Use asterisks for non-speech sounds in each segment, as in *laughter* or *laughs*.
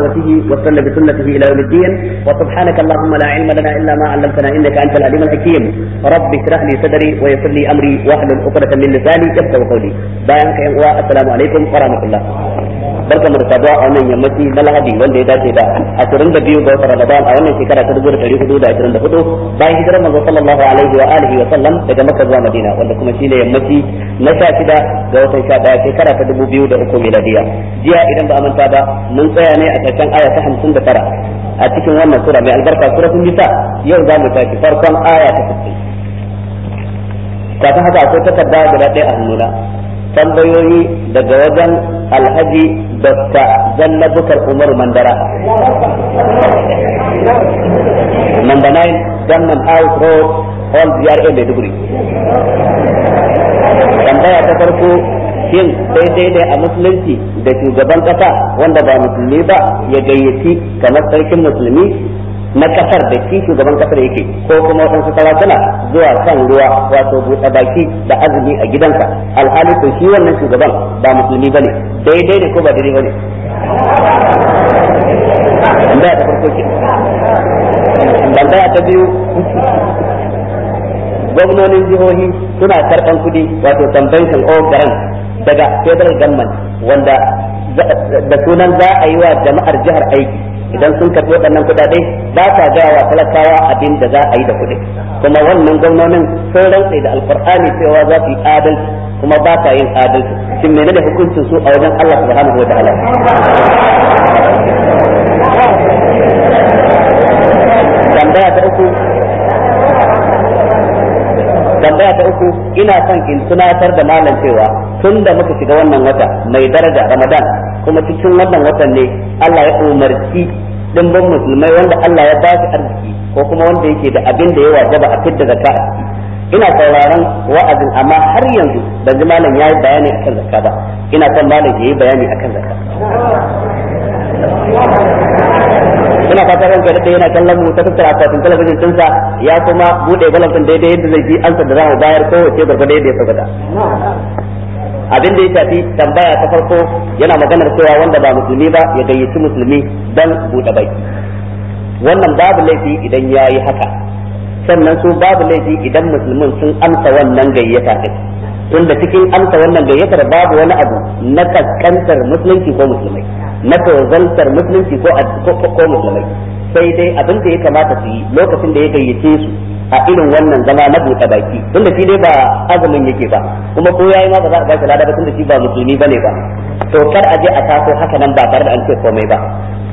دعوته وسن بسنته الى يوم الدين وسبحانك اللهم لا علم لنا الا ما علمتنا انك انت العليم الحكيم رب اشرح لي صدري ويسر لي امري واحلل عقدة من لساني يفقهوا قولي بايعك يا السلام عليكم ورحمه الله barka mu da saduwa a wannan yammaci na lahadi wanda ya dace da da biyu ga wata ramadan a wannan shekara ta dubu da da da dari hudu hudu bayan hijirar manzo sallallahu alaihi wa alihi wa sallam daga makka zuwa madina wanda kuma shine yammaci na sha shida ga watan daya shekara ta dubu biyu da uku miladiya jiya idan ba a manta ba mun tsaya ne a ƙarshen aya ta hamsin da tara a cikin wannan sura mai albarka sura sun bisa yau za mu tafi farkon aya ta 60 kafin haka akwai takarda guda ɗaya a hannuna tambayoyi daga wajen alhaji dr zallabukar umar mandara number 9 government house road all bra maiduguri tambaya ta farko shin daidai ne a musulunci da shugaban kasa wanda ba musulmi ba ya gayyaci kamar sarkin musulmi na kasar da shi shugaban kasar yake ko kuma waɗansu sarakuna zuwa kan ruwa wato buɗe baki da azumi a gidansa alhali ko shi wannan shugaban ba musulmi ba ne daidai ne ko ba daidai ba ne ta ta biyu gwamnonin jihohi suna karɓan kuɗi wato convention of grand daga federal government wanda da sunan za a yi wa jama'ar jihar aiki idan sun karɓi waɗannan kuɗaɗe ba sa gaya wa talakawa abin da za a yi da kuɗi kuma wannan gwamnonin sun rantse da alkur'ani cewa za su yi adalci kuma ba sa yin adalci shin da hukuncin su a wajen Allah subhanahu wa ta'ala tambaya ta uku tambaya ta uku ina son in tunatar da malam cewa tun da muka shiga wannan wata mai daraja ramadan kuma cikin wannan watan ne Allah ya umarci dimbin musulmai wanda Allah ya ba shi arziki ko kuma wanda yake da abin da ya wajaba a fidda zakka ina sauraron wa'azin amma har yanzu ban ji malam yayi bayani akan zakka ba ina son malam yayi bayani akan zakka ina fata ran kai da yana kallon mu ta tattara tun talabijin sa ya kuma bude balantin daidai yadda zai ji an da za mu bayar kowace gargada yadda ya fada abin da ya shafi tambaya ta farko yana maganar cewa wanda ba musulmi ba ya gayyaci musulmi don buɗe baki wannan babu laifi idan ya yi haka sannan su babu laifi idan musulmin sun amsa wannan gayyata ɗin tunda cikin amsa wannan gayyatar babu wani abu na kaskantar musulunci ko musulmai na tozantar musulunci ko musulmai sai dai abin da ya kamata su yi lokacin da ya gayyace su a irin wannan zama na buɗe baki tunda shi dai ba azumin yake ba kuma ko yayi ma ba za a bashi lada ba tunda shi ba musulmi bane ba to kar a je a taso haka nan ba tare da an ce komai ba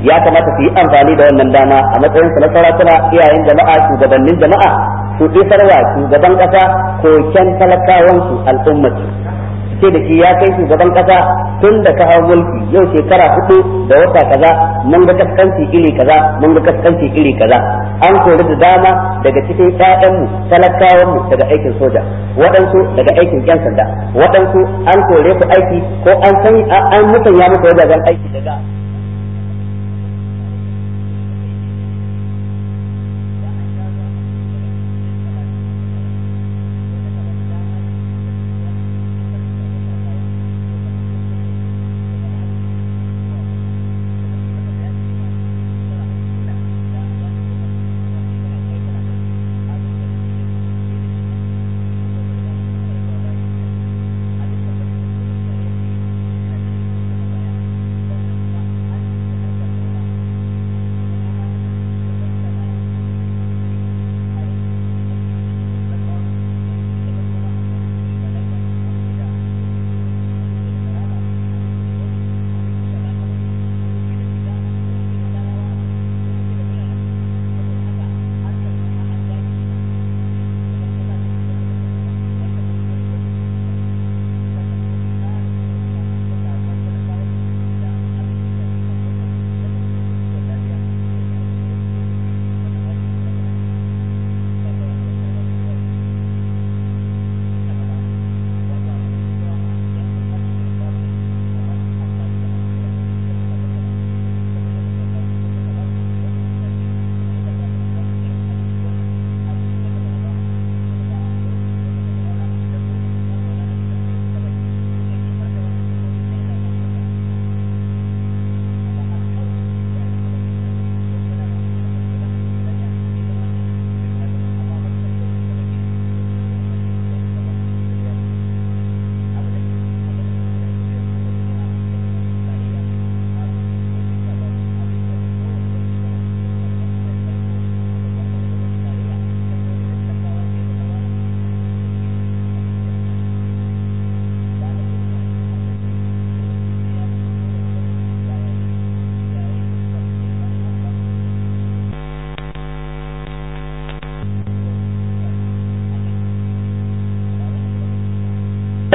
ya kamata su yi amfani da wannan dama a matsayin su na sarakuna iyayen jama'a shugabannin jama'a su isarwa shugaban kasa koken talakawansu al'ummatu sai da shi ya kai shugaban kasa tun da ka hau mulki yau shekara hudu da wata kaza mun ga kaskanci iri kaza mun ga kaskanci iri kaza an kori da dama daga cikin ƴaƴanmu talakawanmu daga aikin soja waɗansu daga aikin ƴan sanda waɗansu an kore su aiki ko an san an ya muku wajajen aiki daga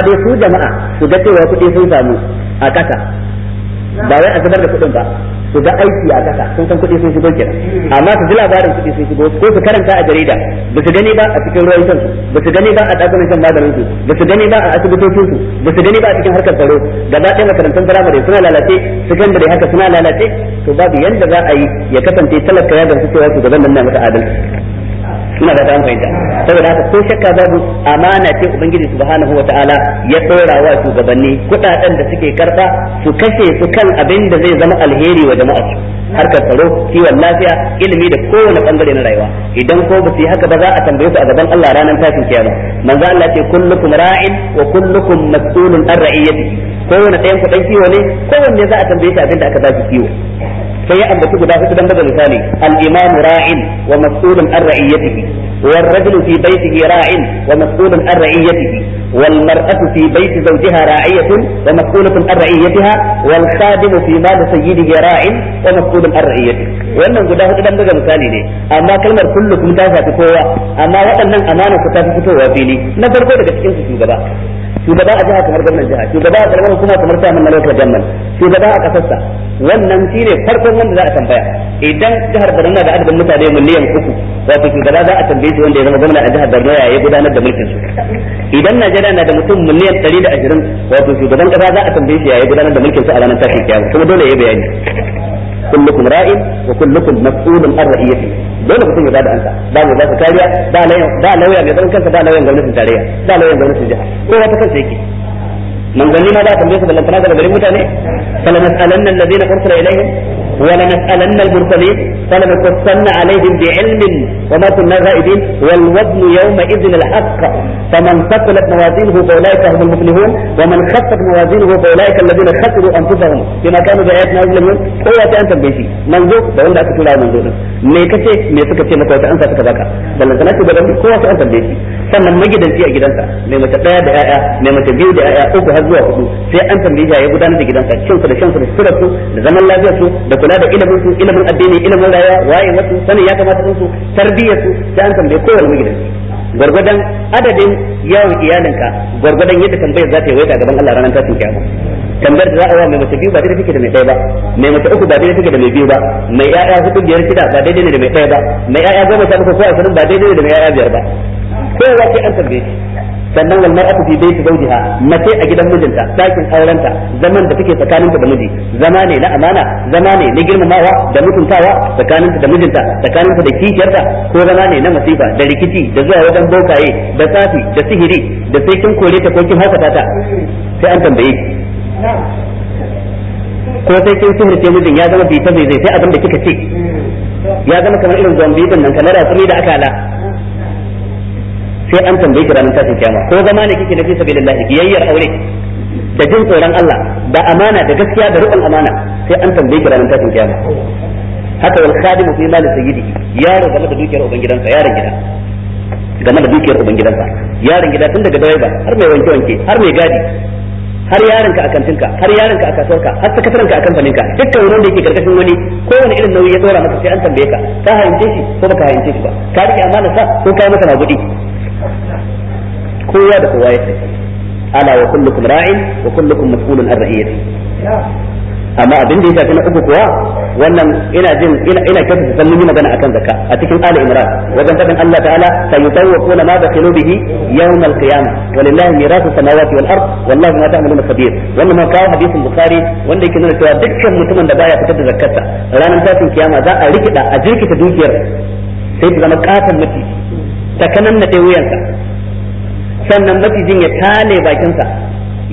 dai su jama'a su ga cewa kuɗi sun samu a ƙasa ba wai a zubar da kuɗin ba su ga aiki a ƙasa sun san kuɗi sun shigo kenan amma su ji labarin kuɗi sun shigo ko su karanta a jarida ba su gani ba a cikin ruwan shan ba su gani ba a ɗakunan shan maganin su ba su gani ba a asibitocin su ba su gani ba a cikin harkar tsaro gaba ɗaya makarantun firamare suna lalace sakandare haka suna lalace to babu yadda za a yi ya kasance talaka ya gamsu cewa su gaban nan na mata adalci suna da ta fahimta saboda haka ko shakka babu amana ce ubangiji subhanahu wataala ya dora wa shugabanni kudaden da suke karba su kashe su kan abin da zai zama alheri wa jama'a su harkar tsaro kiwon lafiya ilimi da kowane bangare na rayuwa idan ko ba su yi haka ba za a tambaye su a gaban Allah ranar tashin kiyama manzo Allah ce kullukum ra'in wa kullukum mas'ulun an ra'iyatihi kowane ɗayan ku dan kiwo ne kowanne za a tambaye shi abin da aka ba kiwo sai ya ambaci guda hudu dan bada misali al-imam ra'in wa mas'ulun an ra'iyatihi ar rajulu fi baytihi ra'in wa mas'ulun ar ra'iyatihi wal mar'atu fi bayti zawjiha ra'iyatun wa mas'ulatun ar ra'iyatiha wal khadimu fi mal sayyidihi ra'in wa mas'ulun ar ra'iyatihi wannan guda hudu dan bada misali ne amma kalmar kullu kullukum ta shafi kowa amma waɗannan amana ku ta fitowa fili na farko daga cikin su shugaba shugaba a jiha kamar gwamnan jiha shugaba a karamar hukuma kamar samun na lokacin gwamnan shugaba a kasarsa wannan shine farkon wanda za a tambaya idan jihar Borno da adadin mutane miliyan uku wato shugaba za a tambaye shi wanda ya zama gwamna a jihar Borno ya yi gudanar da mulkin su idan Najeriya na da mutum miliyan 120 wato shugaban kasa za a tambaye shi ya yi gudanar da mulkin su a ranar tashin kiyama kuma dole ya bayani kullukum ra'in wa kullukum mas'ulun an ra'iyatihi dole mutum ya bada ansa ba mai ba su kariya ba lauya lauya mai zaman kansa ba lauyan gwamnatin tarayya ba lauyan gwamnatin jiha kowa ta kansa yake manzanni ma za a tambaye su ballantana da garin mutane fala nas'alanna alladhina ursila ilaihim ولنسألن المرسلين فلنقصن عليهم بعلم وما كنا غائبين والوزن يومئذ الحق فمن ثقلت موازينه فأولئك هم المفلحون ومن خفت موازينه فأولئك الذين خسروا أنفسهم بما كانوا بآياتنا يظلمون قوة أنت البيشي من بقول لك تقول من ذوق ميكتي ميكتي لقوة أنت تكذاك بل أنت نكتب لك قوة أنت البيشي ثم نجد في أجدانك مما تقاد آية مما تبيو دي آية أوكو هزوه في أنت البيشي يقول أنت جدانك شنصر شنصر سرطو لزمن الله جاسو kula da ilimin su ilimin addini ilimin rayuwa waye wasu sanin ya kamata sun su tarbiyyar su sai an tambaye kowanne magidanci gwargwadon adadin yawan iyalinka gwargwadon yadda tambayar za ta yi waita gaban Allah ranar tashin kiyama tambayar da za a yi mai mace biyu ba daidai take da mai ɗaya ba mai mace uku ba daidai take da mai biyu ba mai ƴaƴa hudu biyar shida ba daidai ne da mai ɗaya ba mai ƴaƴa goma sha bakwai ko ashirin ba daidai ne da mai ƴaƴa biyar ba kowa sai an tambaye sannan wal mar'atu fi baiti zaujiha mace a gidan mijinta dakin aurenta zaman da take tsakaninta da miji zama ne na amana zama ne na girmamawa da mutuntawa tsakaninta da mijinta tsakaninta da kikiyarta ko zama ne na masifa da rikici da zuwa wajen bokaye da safi da sihiri da sai kin kore ta ko kin haukata ta sai an tambaye ko sai kin ce mijin ya zama bita ta zai sai abin da kika ce ya zama kamar irin zombi din nan kamar asiri da aka ala sai an tambaye ki ranar tashin kiyama ko zama ne kike nafi sabilillah biyayyar aure da jin tsoron Allah da amana da gaskiya da rukun amana sai an tambaye ki ranar tashin kiyama haka wal khadimu fi mali sayyidi yaro game da dukiyar gidansa yaron gida game da dukiyar gidansa yaron gida tun daga driver har mai wanke wanke har mai gadi har ka a kantinka har ka a kasuwarka har sakatarenka a kamfaninka dukkan wurin da yake karkashin wani kowane irin nauyi ya tsora maka sai an tambaye ka ka hayince shi ko baka hayince shi ba ka rike amana sa ko kai masa magudi kowa da kowa ya sai ala wa kullukum ra'in wa kullukum mas'ulun an ra'iyati amma abin da ya shafi na uku kuwa wannan ina jin ina ina kafa san mun yi magana akan zakka a cikin ali imran wajen fadin Allah ta'ala sayutawwaquna ma bakhilu bihi yawm al-qiyamah walillahi mirasu samawati wal ard wallahu ma ta'maluna khabir wannan ma kawo hadisin bukhari wanda yake nuna cewa dukkan mutumin da baya fitar da zakkarsa ranar tashin kiyama za a rikida a jirkita dukiyar sai ta zama katon mutum ta kanan na wuyansa sannan macijin ya tale bakinsa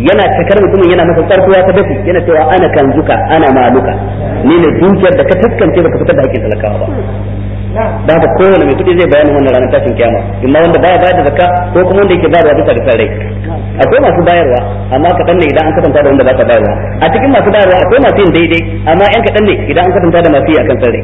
yana takar mutumin yana masa tsarkuwa ta dafi yana cewa ana kan zuka ana maluka ni ne dukiyar da ka taskance baka fitar da hakkin talakawa ba da haka kowane mai kudi zai bayani wannan ranar tashin kiyama imma wanda baya bayar da zakka ko kuma wanda yake bayarwa bisa ga sarai akwai masu bayarwa amma kaɗan ne idan an kasanta da wanda ba ta bayarwa a cikin masu bayarwa akwai masu yin daidai amma yan kaɗan ne idan an kasanta da masu yi akan sarai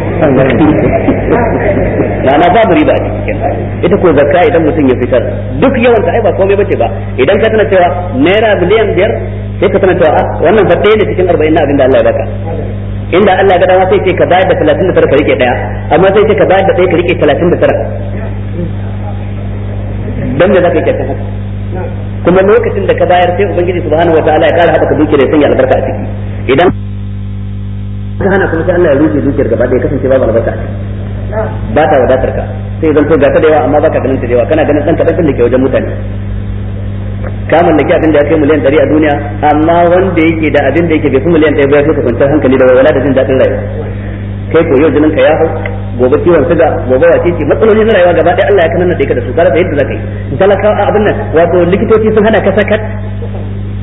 rana babu riba a cikin ita ko zakka idan mutum ya fitar duk yawan ta ai ba komai bace ba idan ka tana cewa naira miliyan biyar sai ka tana cewa ah, wannan fa ɗaya ne cikin arba'in na abin da Allah ya baka inda Allah ya ga dama sai ce ka bayar da 39 ka rike daya amma sai ce ka bayar da 1 ka rike 39 dan da zaka yi kyautar kuma lokacin da ka bayar sai ubangiji subhanahu wataala ya kara ka dukiya da sanya albarka a ciki idan ka hana kuma sai Allah ya rufe dukiyar gaba ɗaya kasance babu albarka ba ta wadatar ka sai zan to ga ta da yawa amma ka ganin ta da yawa kana ganin dan kadan da ke wajen mutane da ke abin da ya kai miliyan ɗari a duniya amma wanda yake da abin da yake bai fi miliyan ɗaya ba ya fi kwanciyar hankali da wala da jin daɗin rayuwa kai ko yau jinin ka ya hau gobe ciwon suga gobe wace ce matsaloli na rayuwa gaba ɗaya Allah ya kanana da ka da su kada yadda zaka yi talaka abin nan wato likitoci sun hana ka sakat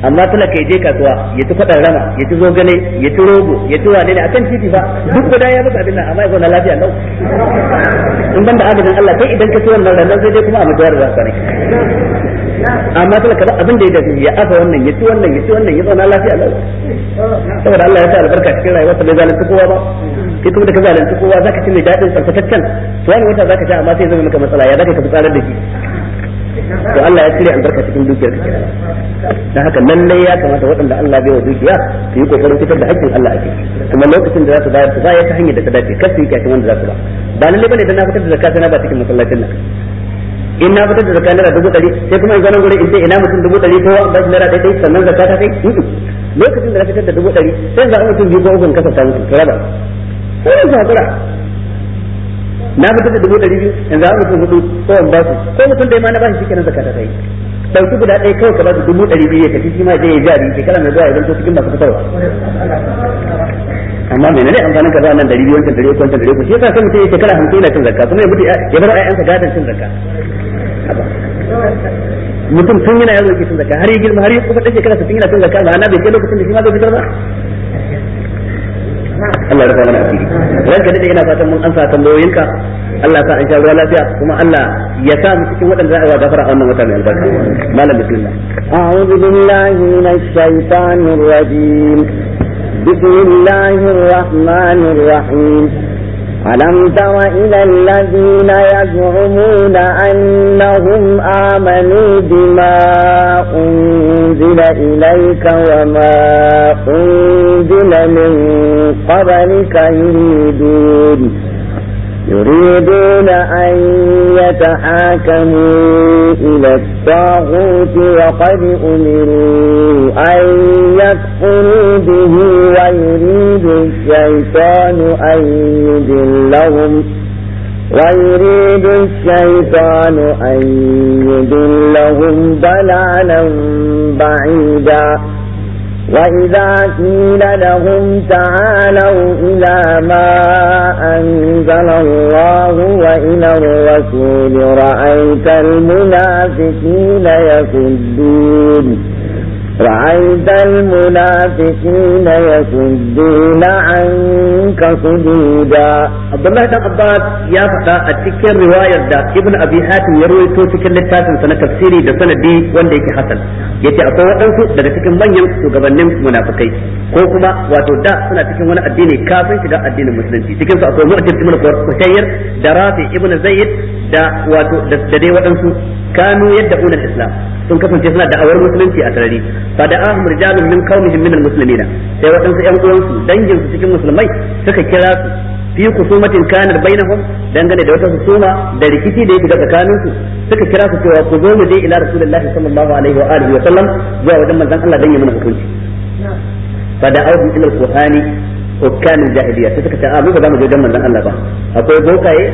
amma tana kai je kasuwa ya ci faɗan rama ya ci zogale ya ci rogo ya ci wane ne akan titi fa duk guda ya baka abin nan amma ya zauna lafiya lau in ban da agajin Allah kai idan ka ci wannan ranar sai dai kuma a mutuwar da sani amma tana ba abin da ya dafi ya aka wannan ya ci wannan ya ci wannan ya zauna lafiya lau saboda Allah ya sa albarka cikin rayuwar ta bai zalunta kowa ba kai kuma da ka zalunta kowa zaka ci mai daɗin tsaftataccen to wani wata zaka sha amma sai zama maka matsala ya zaka ka fitsarar da shi to Allah ya cire albarka cikin dukiyar ka dan haka nan ne ya kamata waɗanda Allah bai wa dukiya su yi kokarin fitar da hakkin Allah ake kuma lokacin da za su bayar su bayar ta hanyar da ta dace kar su yi kyakkyawan wanda za su ba ba ne bane da na fitar da zakata na ba cikin masallacin nan in na fitar da zakata naira dubu ɗari sai kuma in zanen gurin in ce ina mutum dubu ɗari ko ba shi naira ɗaya ɗaya sannan zakata ta kai lokacin da na fitar da dubu ɗari sai zaɓi mutum biyu ko uku in kasa ta mutum to raba ko in zakura na fitar da dubu ɗari biyu yanzu an rufe hudu ko an ba su ko mutum da ma na bashi shikenan zakka ta kai ɗauki guda ɗaya kawai ka ba su dubu ɗari biyu ya tafi shi ma je ya jari kala mai zuwa idan zanto cikin masu fitarwa amma menene amfanin ka ba nan ɗari biyu wancan ɗari uku wancan ɗari uku shi yasa sai mutum ya shekara hamsin yana cin zakka kuma ya mutu ya bar ƴaƴansa gadon cin zakka mutum tun yana yaro yake cin zakka har yi girma har yi kuma ɗan shekara sittin yana cin zakka ba na bai kai lokacin da shi ma zai fitar ba Allah ya rufa mana asiri ranka dade ina fatan mun ansa tambayoyinka Allah sa an sha ruwa lafiya kuma Allah ya sa mu cikin wadanda za a gafara a wannan wata mai albarka malam bismillah a'udhu billahi minash shaitanir rajim bismillahir rahmanir rahim ألم تر إلى الذين يزعمون أنهم آمنوا بما أنزل إليك وما أنزل من قبلك يريدون يريدون أن يتحاكموا إلى الطاغوت وقد أمروا أن يكفروا به ويريد الشيطان أن يدلهم ويريد الشيطان أن يدلهم ضلالا بعيدا وإذا قيل لهم تعالوا إلى ما أنزل الله وإلى الرسول رأيت المنافقين يصدون رأيت المنافقين يصدون عنك صدودا عبد الله بن عباس يا فتا اتكر رواية دا ابن أبي حاتم يروي تو تكر لتاتم سنة تفسيري دا سنة دي وان ديك حسن يتي أقوى أنسو دا تكر من يمسو قبنم منافقين كوكما واتو دا سنة تكر وانا الدين كافر شدا الدين المسلم تكر سأقوى مؤجر ابن قشير دا رافي ابن زيد دا واتو دا دي وانسو kanu yadda al-islam sun kasance suna da'awar musulunci a tarari fa da ahum rijalun min qaumihim min al sai wadansu ƴan uwansu dangin su cikin musulmai suka kira su fi kusumatin kanar bainahum dangane da wata husuma da rikici da yake ga tsakanin su suka kira su cewa ku zo mu je ila rasulullahi sallallahu alaihi wa alihi wa sallam zuwa wajen manzon Allah dan ya mana hukunci fa da ahum ila al-qur'ani hukkan jahiliya sai suka ce a mu ba za mu je wajen manzon Allah ba akwai bokaye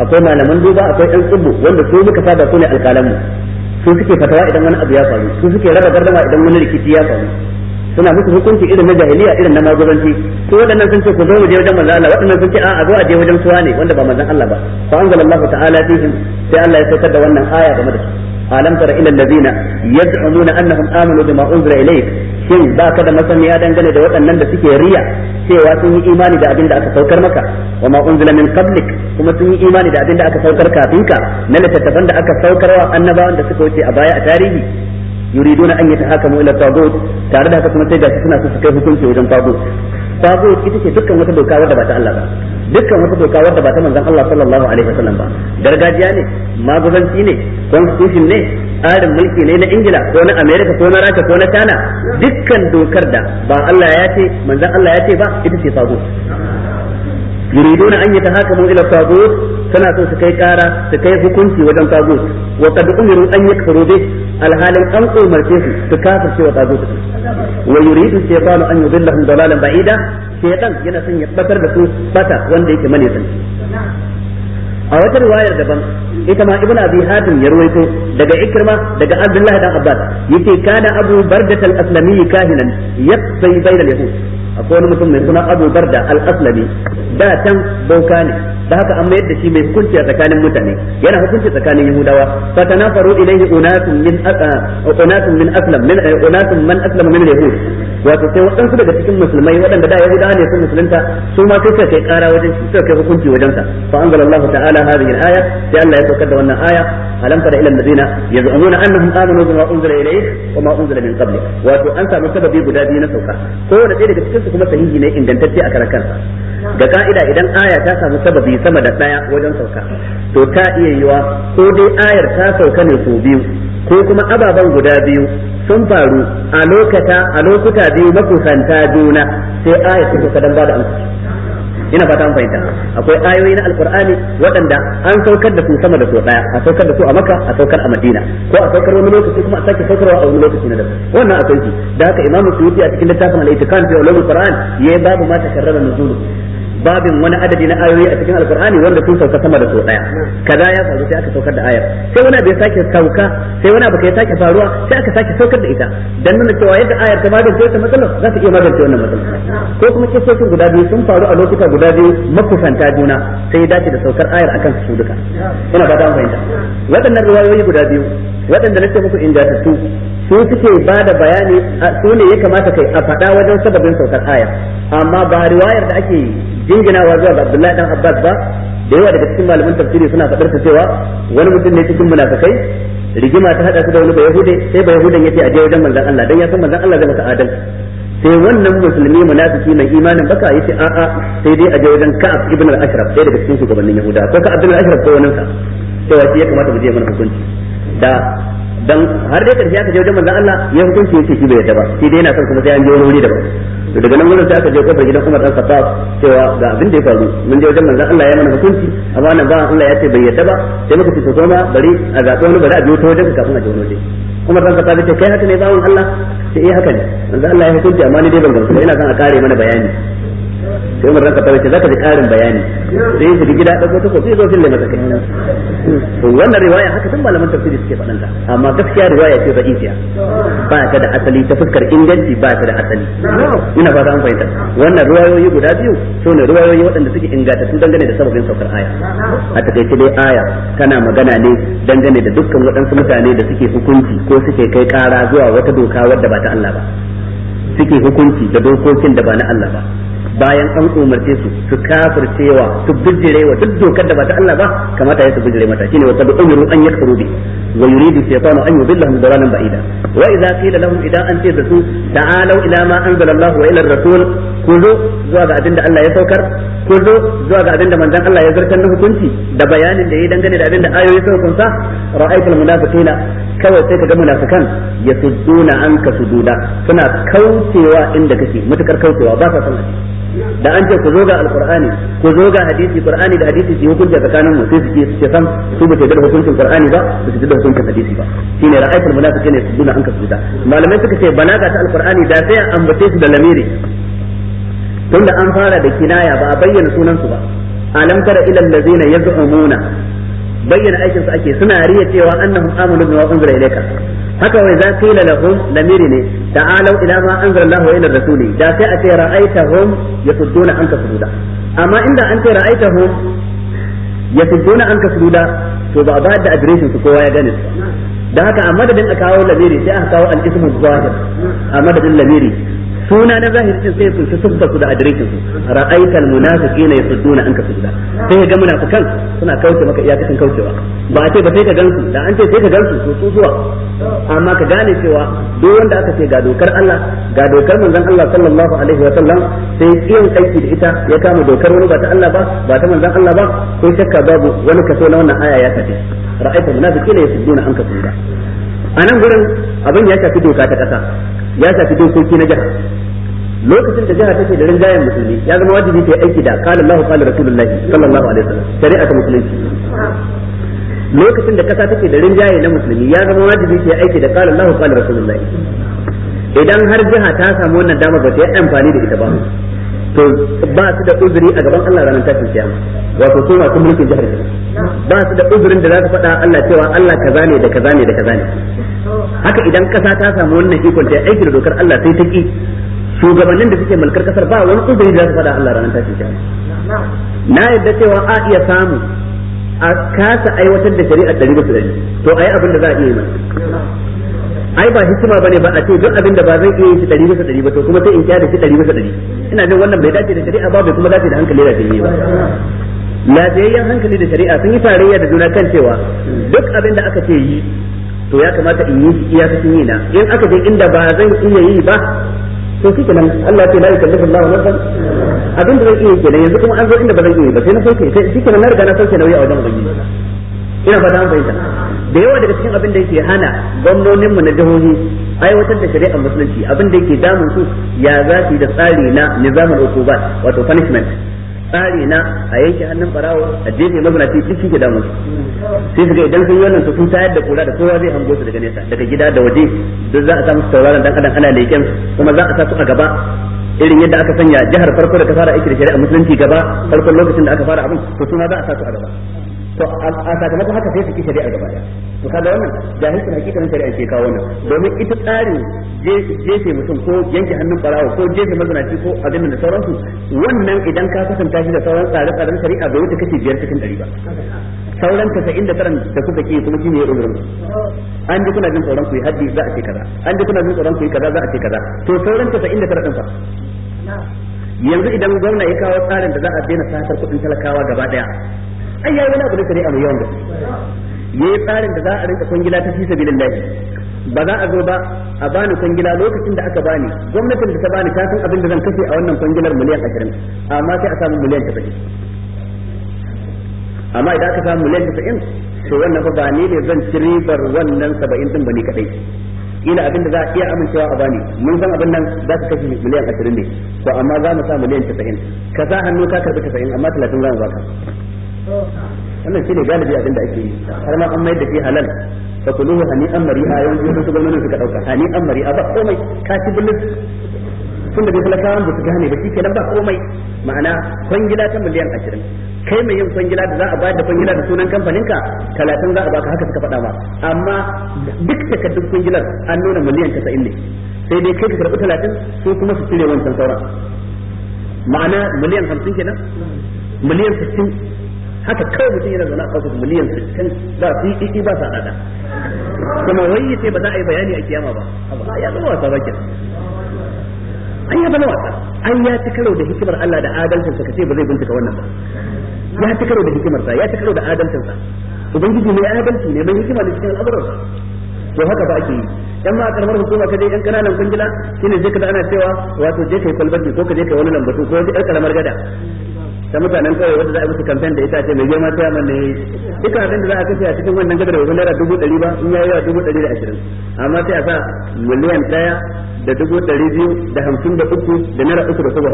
akwai malaman duba akwai ɗan tsibbu wanda su muka saba su ne mu su suke fatawa idan wani abu ya faru su suke raba gardama idan wani rikici ya faru suna musu hukunci irin na jahiliya irin na magudanci to waɗannan sun ce ku zo mu je wajen manzon Allah waɗannan sun ce a a zo a je wajen suwa ne wanda ba manzon Allah ba fa anzalallahu ta'ala fihim sai Allah ya saukar da wannan aya game da su alam tara ila allazina yad'umuna annahum amanu bima unzila ilayk shin ba ka da masaniya dangane da waɗannan da suke riya cewa sun yi imani da abin da aka saukar maka wa ma unzila min qablik kuma sun yi imani da abin da aka saukar kafin ka na littattafan da aka saukarwa annabawan da suka wuce a baya a tarihi na an mu ila tagut tare da haka kuma sai su suna su kai hukunci wajen tagut tagut ita ce dukkan wata doka wadda ba ta Allah ba dukkan wata doka wadda ba ta manzon Allah sallallahu alaihi wasallam ba gargajiya ne magabanci ne constitution ne tsarin mulki ne na Ingila ko na America ko na Rasha ko na China dukkan dokar da ba Allah ya ce manzon Allah ya ce ba ita ce tagut na yuriduna an yatahakamu ila tagut kana so su kai kara su kai hukunci wajen tagut wa qad umiru an yakfuru bi alhalin an umarce su su kafirce wa tagut wa yuridu shaytanu an yudillahum dalalan ba'ida shaytan yana son ya batar da su bata wanda yake mane san a wata riwayar daban ita ma ibnu abi hatim ya ruwaito daga ikrima daga abdullahi dan abbas yace kana abu bardat al-aslami kahinan yaqsi bainal yahud akwai wani mutum mai suna Abu Darda al-Aslami da can bauka ne da haka an mayar da shi mai hukunci a tsakanin mutane yana hukunci tsakanin Yahudawa fa tanafaru ilayhi unatun min uh, unatun min aslam min eh, unatun man aslama min yahud wato sai waɗansu daga cikin musulmai waɗanda da Yahudawa ne sun musulunta su ma sai suka kai ƙara wajen shi suka kai hukunci wajen sa fa anzalallahu ta'ala hadhihi al-aya sai Allah ya saukar da wannan aya alam tara ila alladhina yaz'umuna annahum amanu bima unzila ilayk wa ma unzila min qablik wato an samu sababi guda biyu na sauka ko da ɗaya daga cikin asalin kuma sahihi ne ingantacce a kare kansa ga ka'ida idan aya ta samu sababi sama da daya wajen sauka to ta iya yiwa ko dai ayar ta sauka ne ko biyu ko kuma ababen guda biyu sun faru a lokuta biyu makusanta juna sai ayar ta sauka dan ba da amsa ina fata an fahimta akwai ayoyi na alqur'ani waɗanda an saukar da su sama da so daya a saukar da su a makka a saukar a madina ko a saukar wani lokaci kuma a sake saukarwa a wani lokaci na daban wannan akwai ji da haka imamu suyuti a cikin littafin al-itikan fi ulumul qur'an yayi babu ma tasharrara nuzulu babin wani adadi na ayoyi a cikin alkur'ani wanda sun sauka sama da sau daya kaza ya faru sai aka saukar da ayar sai wani abu ya sake sauka sai wani abu ya sake faruwa sai aka sake saukar da ita dan nuna cewa yadda ayar ta magance ta matsala za ta iya magance wannan matsala ko kuma kisoshin guda biyu sun faru a lokuta guda biyu makusanta juna sai ya dace da saukar ayar akan su duka ina ba ta fahimta waɗannan riwayoyi guda biyu waɗanda na ce muku ingantattu su suke ba da bayani su ne ya kamata kai a faɗa wajen sababin saukar aya amma ba riwayar da ake jinginawa zuwa ga Abdullahi dan Abbas ba da yawa daga cikin malaman tafsiri suna faɗar ta cewa wani mutum ne cikin munafikai rigima ta hada su da wani bayahude sai bayahudan yace aje wajen manzon Allah dan ya san manzon Allah zai masa adal sai wannan musulmi munafiki mai imanin baka yace a a sai dai aje wajen Ka'ab ibn al-Ashraf sai daga cikin shugabannin Yahuda ko Ka'ab ibn al-Ashraf ko wani sa sai wace ya kamata mu je mana hukunci da dan har dai karshe aka je wajen manzon Allah ya hukunci yace shi bai yadda ba sai dai yana son kuma sai an je wani wuri daban daga nan gurin sai aka je kofar gidan Umar dan Khattab cewa ga abin da ya faru mun je wajen manzon Allah ya mana hukunci amma nan ba Allah ya ce bai yadda ba sai muka fito soma bari a ga wani bari a biyo ta wajen kafin a je wani waje Umar dan Khattab ya ce kai haka ne bawon Allah sai eh haka ne manzon Allah ya hukunci amma ni dai ban gamsu ba ina son a kare mana bayani sai mun ranka tawace zaka ji karin bayani sai ya shiga gida dauko tako sai zo fille masa kai to wannan riwaya haka tun malaman tafsiri suke faɗan ta amma gaskiya riwaya ce da'ifiya ba ta da asali ta fuskar inganci ba ta da asali ina ba an fahimta wannan riwayoyi guda biyu su ne riwayoyi waɗanda suke su dangane da sababin saukar aya a takaice dai aya tana magana ne dangane da dukkan waɗansu mutane da suke hukunci ko suke kai kara zuwa wata doka wadda ba ta Allah ba suke hukunci da dokokin da ba na Allah ba bayan an umarce su su kafircewa su bijirewa duk dokar da ba ta Allah ba kamata ya su bijire mata shine wa qad umiru an yakfuru bi ويريد الشيطان أن يضلهم ضلالا بعيدا وإذا قيل لهم إذا أنت الرسول تعالوا إلى ما أنزل الله وإلى الرسول كلوا زواج أبند الله يسوكر كلوا زواج أبند من ذن الله يزرك أنه كنت ده بيان اللي يدنجل إلى أبند آيو يسوكم صح رأيت المنافقين كوي سيكا منافقان يسدون عنك سدودا سنا كوتوا عندك شيء متكر كوتوا باسا صلى da an ce ku zo ga alqur'ani ku zo ga hadisi qur'ani da hadisi su hukunta tsakanin mu sai su ce sam su ba su da hukuncin qur'ani ba su da sun ka hadisi ba malamai suka ce balaga ta alqur'ani da sai an su da lamiri tunda an fara da kinaya ba a bayyana sunan su ba alam tara ila allazina yaz'umuna bayyana aikin su ake suna riya cewa annahum amanu bima ilayka haka wai za ka yi lamiri ne ta'alau ila ma anzala Allah wa ila rasuli da sai a ce ra'aytahum yasudduna anka suda amma inda an ce ra'aytahum ya na an kasruda to ba a ba da adireshin su kowa ya gane su da haka a madadin a kawo lamiri sai a kawo al-ismu zahir a madadin lamiri suna na zahiri sun sai sun sifta su da adireshin su ra'aita almunafiqina yasudduna anka sudda sai ga munafikan suna kauce maka iyakacin kaucewa ba a ce ba sai ka gansu da an ce sai ka gansu su su zuwa amma ka gane cewa duk wanda aka ce ga dokar Allah ga dokar manzon Allah sallallahu alaihi wa sallam sai yin aiki da ita ya kama dokar wani ba ta Allah ba ba ta manzon Allah ba sai shakka babu wani kaso na wannan aya ya tafi ra'aita almunafiqina yasudduna anka sudda a nan gurin abin ya shafi doka ta kasa ya shafi dokoki na jiha lokacin da jiha take da rinjayen musulmi ya zama wajibi ta aiki da qala Allahu qala rasulullahi sallallahu alaihi wasallam shari'a ta musulunci lokacin da kasa take da rinjaye na musulmi ya zama wajibi ta aiki da qala Allahu qala rasulullahi idan har jiha ta samu wannan dama ba ta yi amfani da ita ba to ba su da uzuri a gaban Allah ranar tashin kiyama wato su masu mulkin jihar ba su da uzurin da za su faɗa Allah cewa Allah kaza ne da kaza ne da kaza ne haka idan kasa ta samu wannan ikon ta aiki da dokar Allah sai ta ki shugabannin da suke mulkar kasar ba wani uzuri da za su faɗa Allah ranar tashin kiyama na yadda cewa a iya samu a kasa aiwatar da shari'a 100% to a yi abin da za a iya yi ai ba hikima bane ba a ce duk abin da ba zan iya yi shi dari bisa dari ba to kuma sai in da shi dari bisa dari ina jin wannan bai dace da shari'a ba bai kuma dace da hankali da shari'a ba lafiyayyen hankali da shari'a sun yi tarayya da juna kan cewa duk abin da aka ce yi to ya kamata in yi shi iyakacin yi na in aka je inda ba zan iya yi ba to shi kenan Allah yi la Allah Allahu nafsan abin da zan iya kenan yanzu kuma an zo inda ba zan iya ba sai na sauke sai shi kenan na riga na sauke nauyi a wajen ubangiji ina fata an bayyana da yawa daga cikin abin da yake hana gwamnoninmu na jihohi aiwatar da shari'ar musulunci abin da yake damun su ya za su da tsari na nizamul hukumat wato punishment tsari na a yanke hannun barawo a jefe mazinaci duk shi ke damun su sai su ga idan sun yi wannan su sun tayar da kura da kowa zai hango su daga nesa daga gida da waje duk za a samu sauraron dan adam ana leƙen kuma za a sa su a gaba irin yadda aka sanya jihar farko da ta fara aiki da shari'a musulunci gaba farkon lokacin da aka fara abin to suna za a sa su a gaba to a sakamakon haka sai su ki shari'ar gaba daya to kaga wannan jahilcin hakikanin shari'ar ke kawo wannan domin ita tsarin jefe mutum ko yanke hannun barawa ko jefe mazanaci ko abin da sauransu wannan idan ka kasanta shi da sauran tsare-tsaren shari'a bai wuce kashi biyar cikin ɗari ba sauran tasa'in da tsaron da kuka ke kuma jini ya uzurin an ji kuna jin tsoron ku yi haddi za a ce kaza an ji kuna jin tsoron ku yi kaza za a ce kaza to sauran tasa'in da tsaron fa yanzu idan gwamna ya kawo tsarin da za a daina satar kuɗin talakawa gaba daya ai yayi wani abu da shari'a mai yawan gaske yayi tsarin da za a rinka kwangila ta fi sabilillah ba za a zo ba a bani kwangila lokacin da aka bani gwamnatin da ta bani ta san abin da zan kashe a wannan kwangilar miliyan 20 amma sai a samu miliyan 90 amma idan aka samu miliyan 90 to wannan fa ba ne ne zan ci ribar wannan 70 din bane kadai ila abin da za a iya amincewa a bani mun san abin nan za ka kashe miliyan 20 ne to amma za mu sa miliyan 90 ka sa hannu ka karbi 90 amma 30 za mu baka wannan shine galibi abin da ake yi har ma an mai da shi halal fa kuluhu hani amari a yanzu su gwamnati suka dauka hani amari a ba komai ka ci bulus tun da bai talakawan ba su gane ba shikenan ba komai ma'ana kwangila ta miliyan ashirin kai mai yin kwangila da za a bayar da kwangila da sunan ka talatin za a baka haka suka faɗa ba amma duk takardun kwangilar an nuna miliyan 90 ne sai dai kai ka karɓi talatin su kuma su cire wancan sauran ma'ana miliyan hamsin kenan miliyan sittin haka kawai mutum yana zaune a kawai miliyan sittin ba su yi e e, ba sa dada kuma wai yace ba za a yi bayani a kiyama ba ba ya zama wasa ba kenan an ya bala wasa an ya ci karo da hikimar Allah da adalcin sa kace ba zai bincika wannan ba ya ci karo da hikimar sa ya ci karo da adalcin sa ubangiji mai adalci ne mai hikima da cikin al'amuran sa to haka ba ake yi yan ma karamar hukuma kaje yan kananan kungila shine je ka ana cewa wato je kai kwalbati ko ka je kai wani lambatu ko je karamar gada ta mutanen kawai wanda za a musu kamfen da ita ce mai girma ta yaman yi duka abin da za a kashe a cikin wannan gadar wajen naira dubu ɗari ba in yayi wa dubu ɗari da ashirin amma sai a sa miliyan ɗaya da dubu ɗari biyu da hamsin da uku da naira uku da saba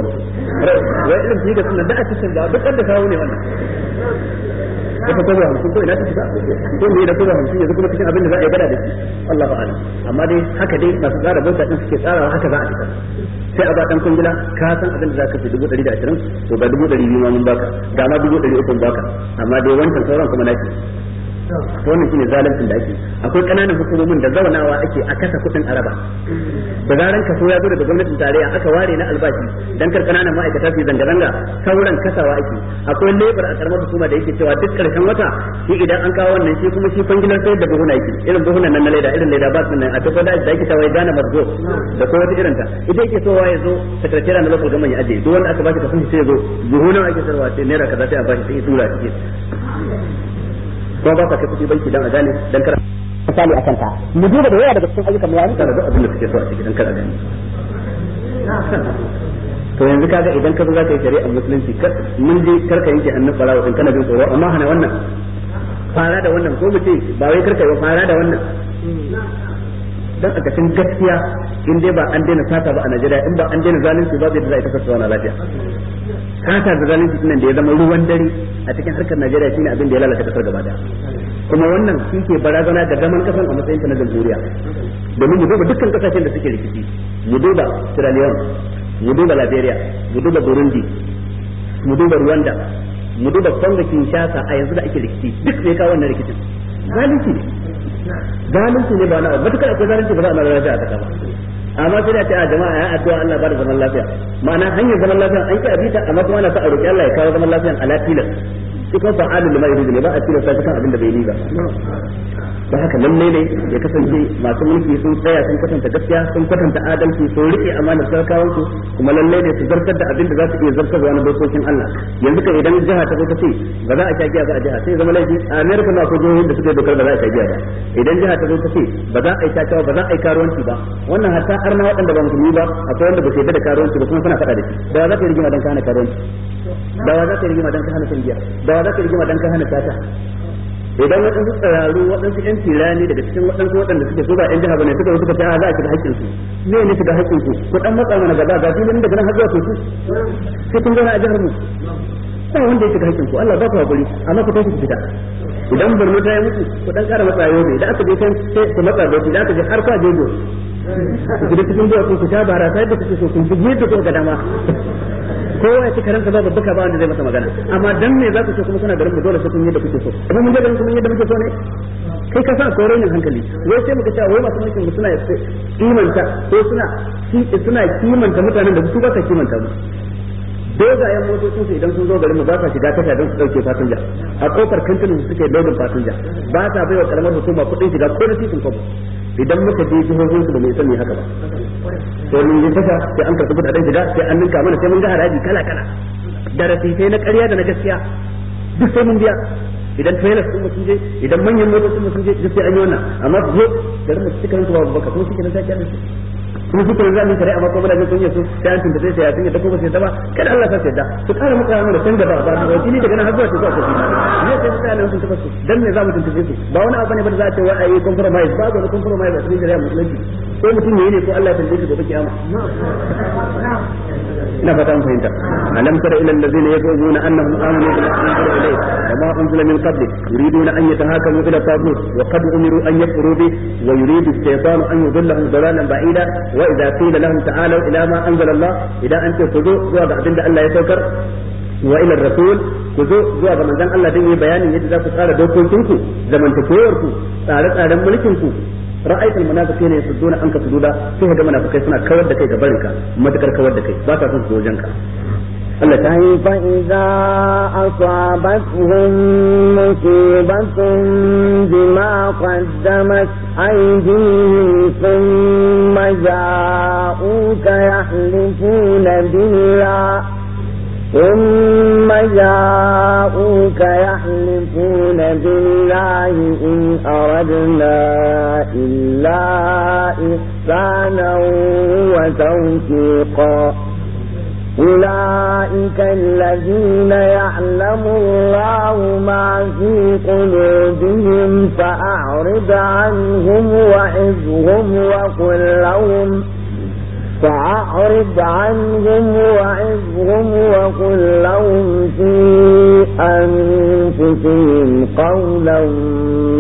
wai irin su yi da suna da a cikin da duk da kawo ne wannan da ka kowa hamsin ko ina ta shiga ko me da kowa hamsin yanzu kuma cikin abin da za a yi gada da shi Allahu a'lam amma dai haka dai masu tsara bauta din suke tsarawa haka za a fita sai a ba dan kungila ka san abin da za ka fi dubu ɗari da ashirin to ga dubu ɗari biyu ma mun baka ga ma dubu ɗari uku baka amma dai wancan sauran kuma na to wannan shine zalincin da ake akwai kananan hukumomin da zaunawa ake a kasa kudin araba da zaran kaso ya zo daga gwamnatin tarayya aka ware na albashi dan kar kananan ma'aikata su zanga zanga sauran kasawa ake akwai lebar a karamar hukuma da yake cewa duk karshen wata shi idan an kawo wannan shi kuma shi fangilar sayar da buhuna yake irin buhunan nan na leda irin leda ba nan a tafi da yake tawaye gana mazgo da kuma wata irin ta idan yake so ya zo sakatariya na local government ya ajiye duk wanda aka ba shi kafin sai ya zo buhunan ake sarwa sai naira kaza sai a ba shi sai ya tura shi ko ba ka kai kuɗi banki dan a gane dan kar misali akan ta mu duba da yawa daga cikin ayyukan yayin da duk abin da kake so a cikin dan kar a gane to yanzu kaga idan ka zo za ka yi shari'a musulunci mun je karka yanke hannun farawa in kana bin tsoro amma hana wannan fara da wannan ko mu ce ba wai karka yi fara da wannan dan a cikin gaskiya in dai ba an daina sata ba a Najeriya in ba an daina zalunci ba zai da za a tafi lafiya sata da zalunci nan da ya zama ruwan dare a cikin harkar Najeriya shine abin da ya lalata kasar gaba daya kuma wannan shi ke barazana da zaman kasan a matsayin na jamhuriya domin mu duba dukkan kasashen da suke rikici mu duba Sierra Leone mu duba Liberia mu duba Burundi mu duba Rwanda mu duba Congo Kinshasa a yanzu da ake rikici duk ne kawo wannan rikicin zalunci ne zalunci ne ba na matukar akwai zalunci ba za a lalata a ta ba amma sai da ta ah, jama'a ya addu'a Allah ba da zaman lafiya ma'ana hanyar zaman lafiya an ki abita amma kuma na sa a roki Allah ya kawo zaman lafiya ala tilas shi kan fa'alul lima yuridu ne ba a cire shi kan abin da bai yi ba ba haka nan ne ya kasance masu mulki sun tsaya sun kwatanta gaskiya sun kwatanta adalci sun rike amanar sarkawan su kuma nan ne su zartar da abin da za su iya zartar na dokokin Allah yanzu ka idan jiha ta kuka ce ba za a sha giya ba a jiha sai zama laifi a America ma ko jihohin da suka dokar ba za a sha giya ba idan jiha ta kuka ce ba za a yi cacawa ba za a yi karuwanci ba wannan hatta har na waɗanda ba musulmi ba akwai wanda ba su yarda da karuwanci ba kuma suna faɗa da shi da za ka yi rigima ka hana karuwanci da za ka yi rigima dan kana shan giya da wa za ka rigima dan ka hana sata idan waɗansu tsararru waɗansu ƴan tirani daga cikin waɗansu waɗanda suke so ba yan jiha bane suka suka ce a ah, za a shiga haƙƙin su zai ne shiga haƙƙin ku ku dan matsa mana gaba ga filin daga nan har zuwa teku sai kun zauna a jihar mu ba wanda ya shiga haƙƙin ku Allah ba ku hakuri amma ku tafi ku fita idan Borno ta yi mutu ku dan ƙara matsa yau ne idan aka je can sai ku matsa da ku idan aka je har kwa jego ku da cikin jiya ku sha barasa yadda kuke so kun ji yadda kuka dama kowa ya ci karansa ba babbaka ba wanda zai masa magana amma dan me za ku ce kuma suna garin mu dole sai kun yi da kuke so kuma mun ga garin kuma yadda muke so ne kai ka sa ko rainin hankali wai sai muka ce wai masu mulkin mu suna kimanta ko suna suna kimanta mutanen da su ba ka kimanta mu dogayen motocin su idan sun zo garin mu ba sa shiga tasha don su dauke fasinja a kofar kantin su suke daukan fasinja ba sa baiwa karamar hukuma kuɗin shiga ko da titin kwabo idan muka je jihohin su ba mai sani haka ba sai mun yi saka sai an karɓi kuɗaɗen shiga sai an ninka mana sai mun ga haraji kala kala da sai na ƙarya da na gaskiya duk sai mun biya idan trailer sun mutum je idan manyan motocin mutum je duk sai an yi wannan amma zo garin mutum suka rinka ba ka so suke na sake sun suka yi zamin shari'a ba a bada sun yi su sai an tunta sai sai sun yi da ko sai da ba kada Allah sai da su kara muka a da canza ba ba da wani daga nan har zuwa su kwasu ne sai mutanen sun tafi su dan me za mu tuntuɓe su ba wani abu ne ba da za ce wa yi compromise ba ga compromise a cikin shari'a musulunci ko mutum ne ne ko Allah ya tuntuɓe shi gobe kiyama ina fata an fahimta alam tara ila allazina yaquluna annahum amanu bil anzila ilayk wa ma unzila min qablik yuriduna an yatahakamu ila tagut wa qad umiru an yakfuru bi wa yuridu ash-shaytanu an yudillahum dalalan ba'ida wa idza qila lahum ta'alu ila ma anzala allah idan anta tudu zuwa ga abinda Allah ya saukar wa ila rasul ku zo zuwa ga manzon Allah dan yi bayanin yadda za ku tsara dokokin ku zamantakewar ku tsare-tsaren mulkin ku ra'ayt almunafiqina yasudduna anka sududa sai ga munafikai suna kawar da kai ga barinka matakar kawar da kai ba ta son su ka Allah ta yi fa'iza asabatun musibatun bima qaddamat aydihim thumma ja'uka yahlifuna billah ثم جاءوك يحلفون بالله إن أردنا إلا إحسانا وتوفيقا أولئك الذين يعلم الله ما في قلوبهم فأعرض عنهم وعزهم وقل لهم فأعرض عنهم وعظهم وقل لهم في أنفسهم قولا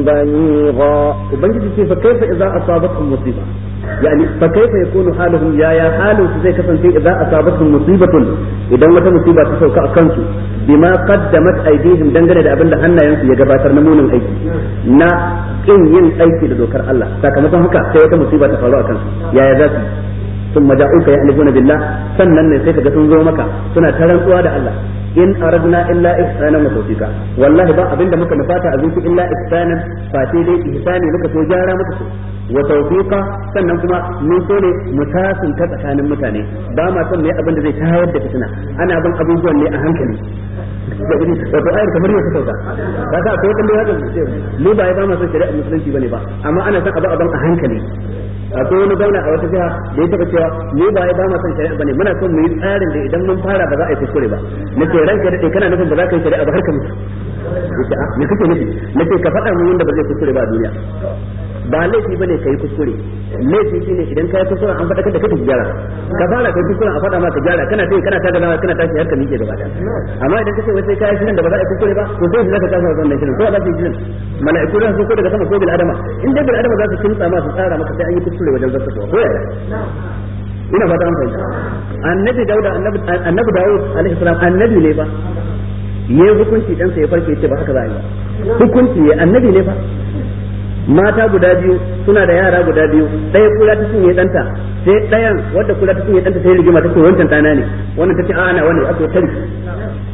بليغا وبنجد فكيف إذا أصابتهم مصيبة يعني فكيف يكون حالهم يا يا حالهم زي في إذا أصابتهم مصيبة إذا ما مصيبة تسوك أكنسوا بما قدمت أيديهم دنجل إذا أبن لحنا ينسي يجباتر نمون أيدي نا إن ين أيدي لدوكر الله ساكمتهم هكا سيوتا مصيبة تفعلوا أكنسوا يا يا ذاتي ثم جاءوك na بالله sannan ne sai ka ga sunzo maka suna ta rantsuwa da Allah in aradna illa ihsanan wa tawfiqa wallahi ba abinda muka nufata a zuci illa ihsanan fa sai dai ihsani muka so gyara muka so wa tawfiqa sannan kuma mun so ne mutasin tsakanin mutane ba ma son ne abinda zai da fitina ana ban abubuwan ne a hankali wato ayar kamar yau ta sauka kaga akwai kallo ya ga mu ba ya ba ma son shari'a musulunci bane ba amma ana son abu a ban a hankali akwai wani gwamna a wata jiha da ya taba cewa ni ba ya ba ma son shari'a bane muna son mu yi tsarin da idan mun fara ba za a yi kuskure ba nace ranka daɗe kana nufin ba za ka yi shari'a ba har ka mutu yace a ah, me kake nufi nace ka faɗa mu wanda ba zai kuskure ba a duniya ba laifi bane kai kuskure laifi shine idan kai kuskure an faɗa da kai gyara ka fara kai kuskure a fada maka ka gyara kana dai kana tada lawa kana tashi har ka miƙe gaba daya amma idan kace wai sai kai shirin da ba za a kuskure ba to dai zaka kasa wannan shirin ko za ka shirin mala'iku za su ko daga sama ko bil adama in dai bil adama za su kinsa ma su tsara maka sai an yi kuskure wajen zaka to ko ya ina fata an fahimta annabi dauda annabi annabi dawud alaihi salam annabi ne ba yayi hukunci dan sa ya farke yace ba haka za a yi ba hukunci annabi ne ba mata guda biyu suna da yara guda biyu ɗaya kula ta cinye ɗanta sai ɗayan wadda kula ta cinye ɗanta sai rigima ta ce wancan tana ne wannan ta ce a ana wani aka tari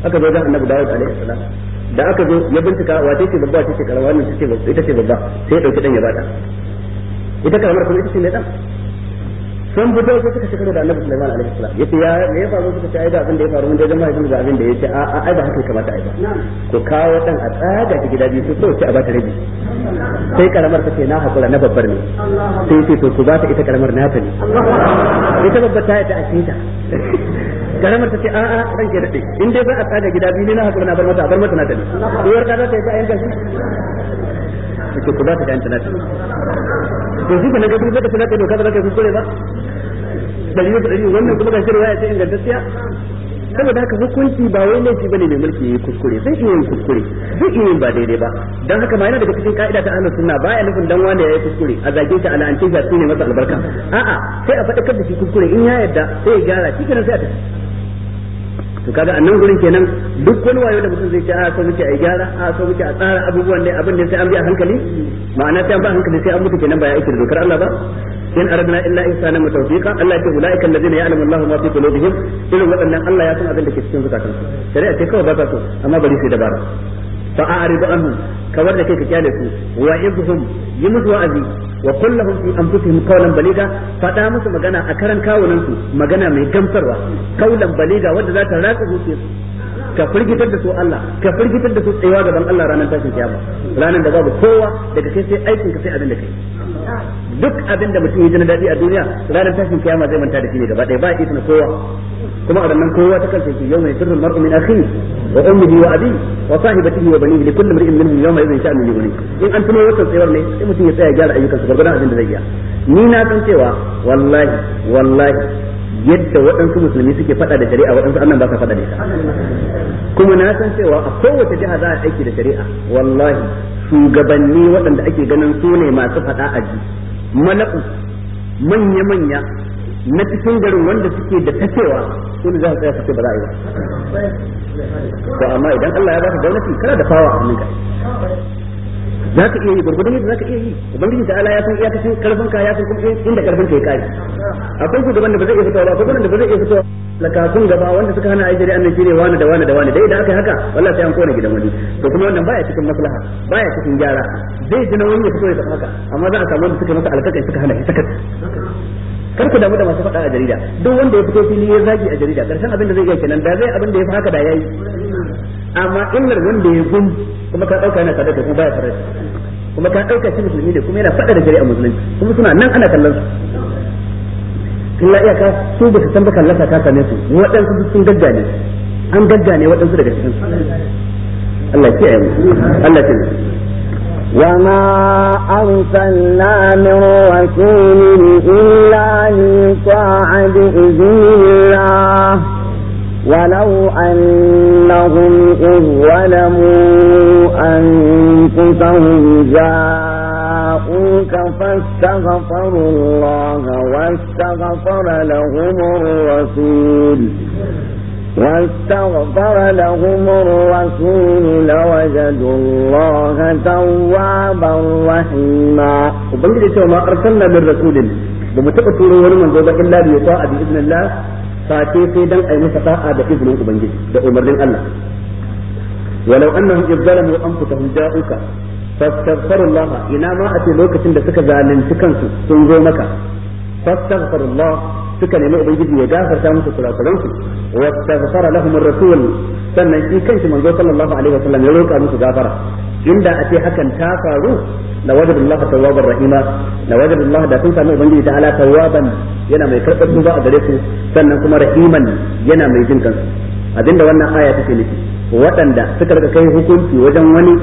aka zo a annabi dawud alaihi salam da aka zo ya bincika wace ce babba wace ce karama wannan ta ce ita ce babba sai ya ɗauki ɗan ya bata ita karamar kuma ita ce mai ɗan sun fito sai suka shigar da annabi Sulaiman alaihi salam yace ya me ya faru suka ce ai da abin da ya faru mun dai jama'a sun ga abin da yace a a ai ba haka kamata ai ba ko kawo dan a tsaga ki gida biyu su so ce a bata rabi sai karamar ta ce na hakura na babbar ne sai ce to ku ba ta ita karamar nata ne ita babbar ta ta akita karamar ta ce a a ran ke dade in dai ba a tsaga gida biyu ne na hakura na bar mata a bar mata na ta ne uwar ta ta yi bayan gashi shi ku ba ta da yanka nata to shi ne ga duk da ta nata doka da ka kuskure ba dari da dari wannan kuma gashi riwaya ce ingantacciya saboda haka hukunci ba wai laifi bane mai mulki yayi kuskure sai iya kuskure duk yayin ba daidai ba dan haka ma yana daga cikin ka'ida ta ahlus sunna baya nufin dan wanda yayi kuskure a zage ta ala ance shi ne masa albarka a'a sai a faɗakar da shi kuskure in ya yarda sai ya gyara shi kenan sai a tafi to kaga annan gurin kenan duk wani wayo da mutum zai ce a ah, so muke a gyara a ah, so muke a tsara abubuwan da abin da sai an bi a hankali ma'ana sai an ba hankali sai an mutu kenan ba ya aiki da dokar Allah ba in aradna illa insana mutawfiqa tawfiqa Allah yake ulaiika ladina ya'lamu Allahu ma fi qulubihim irin wadannan Allah ya san abin da ke cikin zukatansu shari'a ce kawai ba ta so amma bari sai dabara fa a'ridu anhum kawar da kai ka kyale su wa izhum yi musu wa'azi wa an fi anfusihim qawlan baliga faɗa musu magana a karan kawunan magana mai gamsarwa kaulan baliga wanda za ta ratsa zuciyarsu ka firgitar da su Allah ka firgitar da su tsayawa gaban Allah ranar tashin kiyama ranar da babu kowa daga kai sai aikin ka sai abin da kai duk abin da mutum ya ji na dadi a duniya ranar tashin kiyama zai manta da shi ne gaba ɗaya ba ya na kowa kuma a ranar kowa ta kansa yake yawma yasirru mar'u min akhihi wa ummihi wa abi wa sahibatihi wa banihi likulli imrin minhum yawma yadhin sha'nu yughni in an tuno wannan tsayawar ne sai mutum ya tsaya gyara ayyukansa gurgurdan abin da zai iya ni na san cewa wallahi wallahi yadda waɗansu musulmi suke faɗa da shari'a waɗansu annan ba sa faɗa da ita kuma na san cewa a kowace jiha za a aiki da shari'a wallahi shugabanni waɗanda ake ganin su ne masu faɗa a ji malaku manya-manya na cikin garin wanda suke da ta cewa su ne za su tsaya su ba za a yi ba to amma idan Allah ya ba ka gwamnati kana da fawa a za ka iya yi gurgudu yadda za ka iya yi ubangiji ta'ala ya san iyakacin karfin ka ya san kuma inda karfin ka ya kare akwai daban da ba zai iya fitowa ba akwai wanda ba zai iya fitowa lakakun gaba wanda suka hana ajiyar annan shine wani da wani da wani da da aka haka wallahi sai an kona gidan wani to kuma wannan baya cikin maslaha baya cikin gyara zai ji wani ya fito ya tsaka amma za a samu wanda suka masa alkakai suka hana shi sakat kar ku damu da masu faɗa a jarida duk wanda ya fito fili ya zagi a jarida karshen abin da zai iya kenan da zai abin da ya fi haka da yayi amma illar wanda ya gun kuma ka dauka yana tare da ku baya tare kuma ka dauka shi musulmi ne kuma yana fada da shari'a musulunci kuma suna nan ana kallon su illa iyaka su ba su san ba kallasa ka same su waɗansu sun gaggane an gaggane waɗansu daga cikin su Allah ya kiyaye mu Allah ya kiyaye وما أرسلنا من رسول إلا ليطاع بإذن الله ولو أنهم إذ ظلموا أنفسهم جاءوك فاستغفروا الله واستغفر لهم الرسول واستغفر لهم الرسول لوجدوا الله توابا رحيما وبنجد ما أرسلنا من رسول بمتقى سورة ورمان illa إلا بيطاء بإذن الله face sai dan ai masa sa'a da izinin ubangiji da umarnin Allah walau annahum izzalamu anfusahum ja'uka fastaghfirullah ina ma a ce lokacin da suka zalunci kansu sun zo maka fastaghfirullah suka nemi ubangiji ya gafarta musu kurakuran su wa taghfara lahum rasul sannan shi kanshi manzo sallallahu alaihi wasallam ya roka musu gafara inda a ce hakan ta faru la wajada Allah tawwabar rahima Allah da sami ubangiji ta ala tawwaban yana mai karɓar tuba a gare su sannan kuma rahiman yana mai jin kansu abinda wannan aya take nufi waɗanda suka rika kai hukunci wajen wani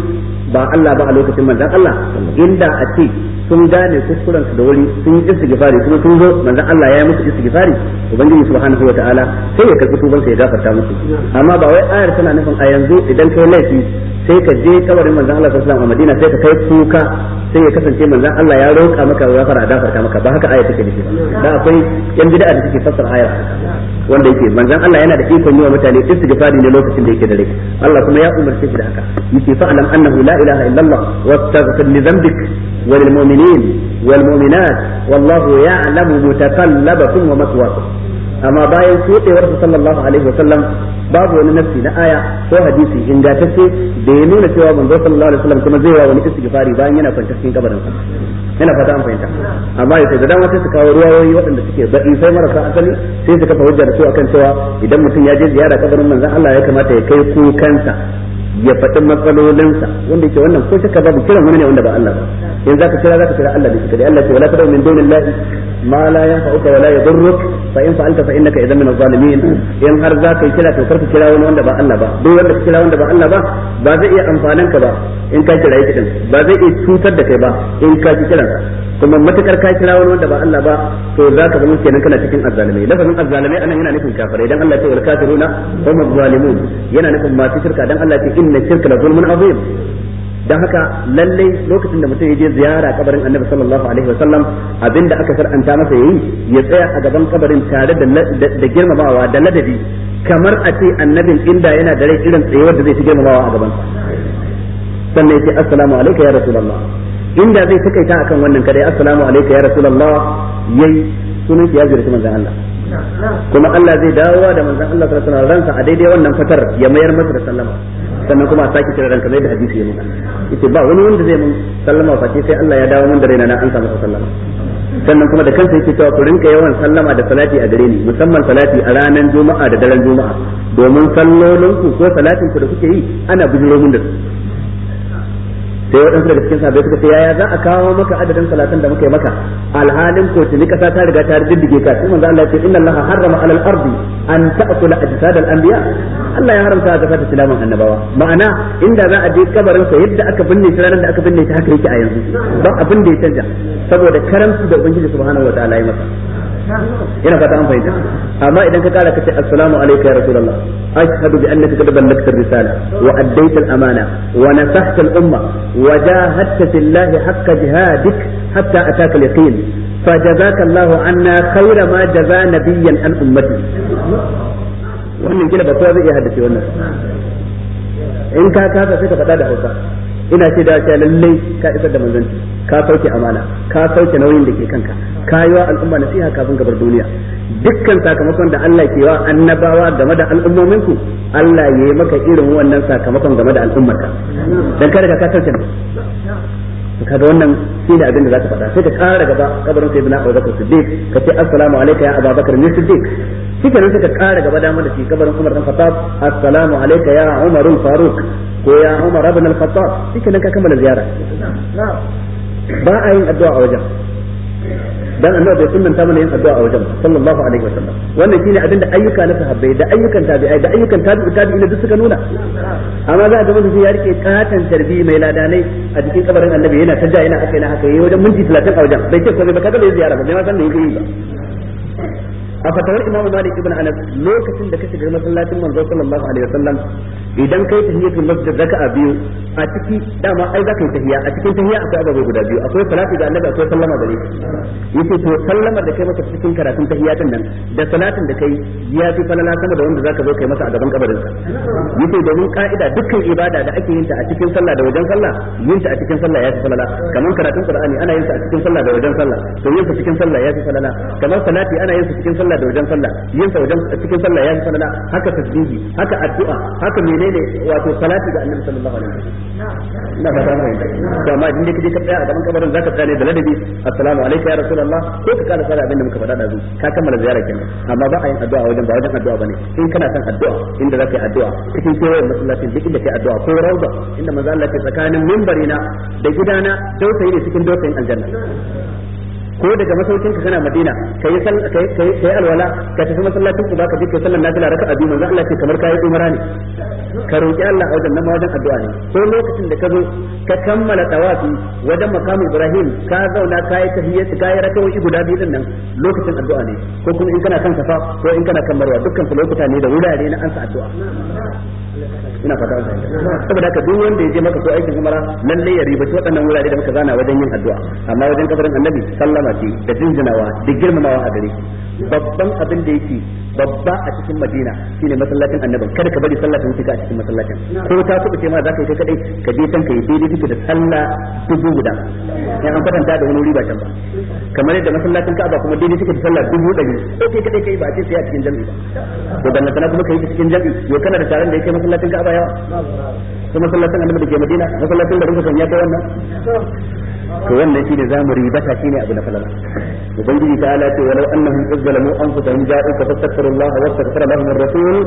ba Allah ba a lokacin manzon Allah inda a ce sun gane kuskuren su da wuri sun yi istighfari kuma sun zo manzon Allah ya yi musu istighfari ubangiji subhanahu wataala sai ya karbi tubansa ya gafarta musu amma ba wai ayar tana nufin a yanzu idan kai laifi sai ka je kabarin manzon Allah sallallahu alaihi wasallam a Madina sai ka kai kuka sai ya kasance manzon Allah ya roƙa maka gafara gafarta maka ba haka ayar take nufi da akwai yan bid'a da suke fassara ayar wanda yake manzon Allah yana da ikon yi wa mutane istighfari ne lokacin da yake da rai Allah kuma ya umarce shi da haka yake fa'alam annahu la إله إلا الله واستغفر لذنبك وللمؤمنين والمؤمنات والله يعلم متقلبكم ومثواكم amma bayan kodewar su sallallahu alaihi wa sallam babu wani nafsi na aya ko hadisi ingantacce da ya nuna cewa manzo sallallahu alaihi wa sallam kuma zai wa wani istighfari bayan yana kwanta cikin kabarin sa yana fata an fahimta amma yace da dama sai su kawo ruwayoyi waɗanda suke baɗi sai marasa asali sai su kafa hujja da su akan cewa idan mutum ya je ziyara kabarin manzon Allah ya kamata ya kai kukansa ya faɗi matsalolinsa wanda yake wannan ko shakka babu kiran wani ne wanda ba Allah ba in zaka kira zaka kira Allah ne shi kadai Allah ce wala tadu min dunillahi ma la yanfa'uka wala yadurruk fa in fa'alta fa innaka min adh-dhalimin in har zaka kira to karka kira wani wanda ba Allah ba duk wanda ka kira wanda ba Allah ba ba zai iya amfanan ka ba in ka kira yake ba zai iya cutar da kai ba in ka kuma ka kira wani wanda ba Allah ba to zama kenan kana cikin azzalimai lafazin azzalimai anan yana nufin kafirai dan Allah ce wal kafiruna hum adh-dhalimun yana nufin masu shirka dan Allah ce inna shirka la zulmun azim dan haka lalle lokacin da mutum ya je ziyara kabarin annabi sallallahu alaihi wa sallam abinda aka sar'anta masa yayi ya tsaya a gaban kabarin tare da girmamawa da ladabi kamar a ce annabin inda yana da rai irin tsayuwar da zai fi girmamawa a gaban sannan ya ce assalamu alaikum ya rasulullah inda zai takaita akan wannan kadai assalamu alaikum ya rasulullah yayi sunan ya zira manzon Allah kuma Allah zai dawowa da manzon Allah sallallahu alaihi wa sallam ransa a daidai wannan fatar ya mayar masa da sallama sannan kuma a sake kira ranka zai da hadisi ya muka yace ba wani wanda zai mun sallama face sai Allah ya dawo mun da raina na an samu sallama sannan kuma da kansa yake cewa ku rinka yawan sallama da salati a gare ni musamman salati a ranar juma'a da daren juma'a domin sallolinku ko salatin ku da kuke yi ana bujiro mun da su sai waɗansu daga cikin sahabbai suka ce yaya za a kawo maka adadin salatan da muka yi maka alhalin ko tuni kasa ta riga ta riddige ka sai manzo Allah ya ce inna Allah harrama alal ardi an ta'kula ajsad al anbiya Allah ya haramta ga fata silaman annabawa ma'ana inda za a je kabarin sa yadda aka binne shi ranar da aka binne ta haka yake a yanzu ba abin da ya canja saboda karamci da ubangiji subhanahu wa ta'ala ya masa ina fata an fahimta amma idan ka kara ka ce assalamu alayka ya rasulullah ashhadu bi annaka qad ballagta risala wa addayta al-amana wa nasahta al-umma wa jahadta fillahi haqqa jihadik hatta ataka al-yaqin fa jazaka الله anna khayra ma jaza nabiyyan an ummati wannan kila ba kowa zai iya haddace wannan in ka kasa sai ka faɗa da hausa ina ce da cewa lallai ka isar da manzanci ka sauke amana ka sauke nauyin da ke kanka ka yi wa al'umma nasiha kafin gabar duniya dukkan sakamakon da Allah ke wa annabawa game da al'ummominku Allah ya yi maka irin wannan sakamakon game da al'ummarka dan kada ka kasance da wannan shi ne abin da zaka faɗa sai ka ƙara gaba kabarin sai ibn Abu Bakar Siddiq ka ce assalamu alayka ya Abu Bakar ni Siddiq ka nan sai ka ƙara gaba damar da shi kabarin Umar dan Khattab assalamu alayka ya Umar Faruq ko ya Umar ibn al-Khattab ka nan ka kammala ziyara ba a yin addu'a a wajen dan annabi bai ta mana yin addu'a a wajen sallallahu alaihi wasallam wannan shine abin da ayyuka na sahabbai da ayyukan tabi'ai da ayyukan tabi'i tabi'ina da suka nuna amma za a ga mutum ya rike katan tarbi mai ladanai a cikin kabarin annabi yana ta yana haka yana haka yayi wajen minti 30 a wajen bai ce ko ba kaga bai ziyara ba bai ma san da yake yi ba a fatawar imamu malik ibn anas lokacin da ka shiga masallacin manzo sallallahu alaihi wasallam idan kai tahiyatul masjid a biyu a ciki dama ai zaka yi tahiya a cikin tahiya akwai ababai guda biyu akwai salatu da annabi akwai sallama gare yace to sallamar da kai masa cikin karatun tahiyatin nan da salatin da kai ya fi falala sama da wanda zaka zo kai masa a gaban kabarin sa yace domin ka'ida dukkan ibada da ake yin ta a cikin sallah da wajen sallah yin ta a cikin sallah ya fi falala kamar karatun qur'ani ana yin sa a cikin sallah da wajen sallah to yin sa cikin sallah ya fi falala kamar salati ana yin sa cikin sallah sallah da wajen sallah yin sa wajen cikin sallah ya sanada haka tasbihi haka addu'a haka menene wato salati ga annabi sallallahu alaihi wasallam ina ba ta mai amma idan ka tsaya a gaban kabarin zaka tsane da ladabi assalamu ya rasulullah ko ka kana sallah abinda muka faɗa da ka kammala ziyara kenan amma ba a yin addu'a wajen ba wajen addu'a bane in kana son addu'a inda zaka yi addu'a cikin kewayen masallacin duk inda kai addu'a ko rauda inda manzo Allah ke tsakanin mimbarina da gidana dausayi ne cikin dausayin aljanna ko daga masaukin ka kana madina kai kai kai alwala ka tafi masallacin ku baka je ka sallar nafila raka'a biyu manzo Allah ce kamar kai umara ne ka roki Allah a wajen nan wajen addu'a ne ko lokacin da ka zo ka kammala tawafi wajen makamin Ibrahim ka zauna kai tahiyyat kai wani guda biyu din nan lokacin addu'a ne ko kuma in kana kan safa ko in kana kan marwa dukkan su lokuta ne da wurare na ansa addu'a ina fata an fahimta saboda haka duk wanda ya maka ko aikin umara lalle ya ribaci waɗannan wurare da muka zana wajen yin addu'a amma wajen kafarin annabi sallama ce da jinjinawa da girmamawa a gare shi babban abin da yake babba a cikin madina shine masallacin annabi kada ka bari sallah ta wuce ka a cikin masallacin ko ta ce ma za ka yi kadai ka je can yi daidai take da sallah dubu guda yan an kwatanta da wani riba ba can ba kamar yadda masallacin ka'aba kuma daidai take da sallah dubu ɗari ko kai kadai kai ba a ce sai a cikin jami'i ba to dan kuma kai cikin jami'i yo kana da taron da yake masallacin Ka'aba yawa ko masallacin Annabi da ke Madina masallacin da rinka sanya ta wannan to wannan shine zamu ribata shine abu na falala ubangiji ta ala ce walau annahum izzalamu anfusahum ja'u fa fastaghfirullaha wa astaghfara lahum ar-rasul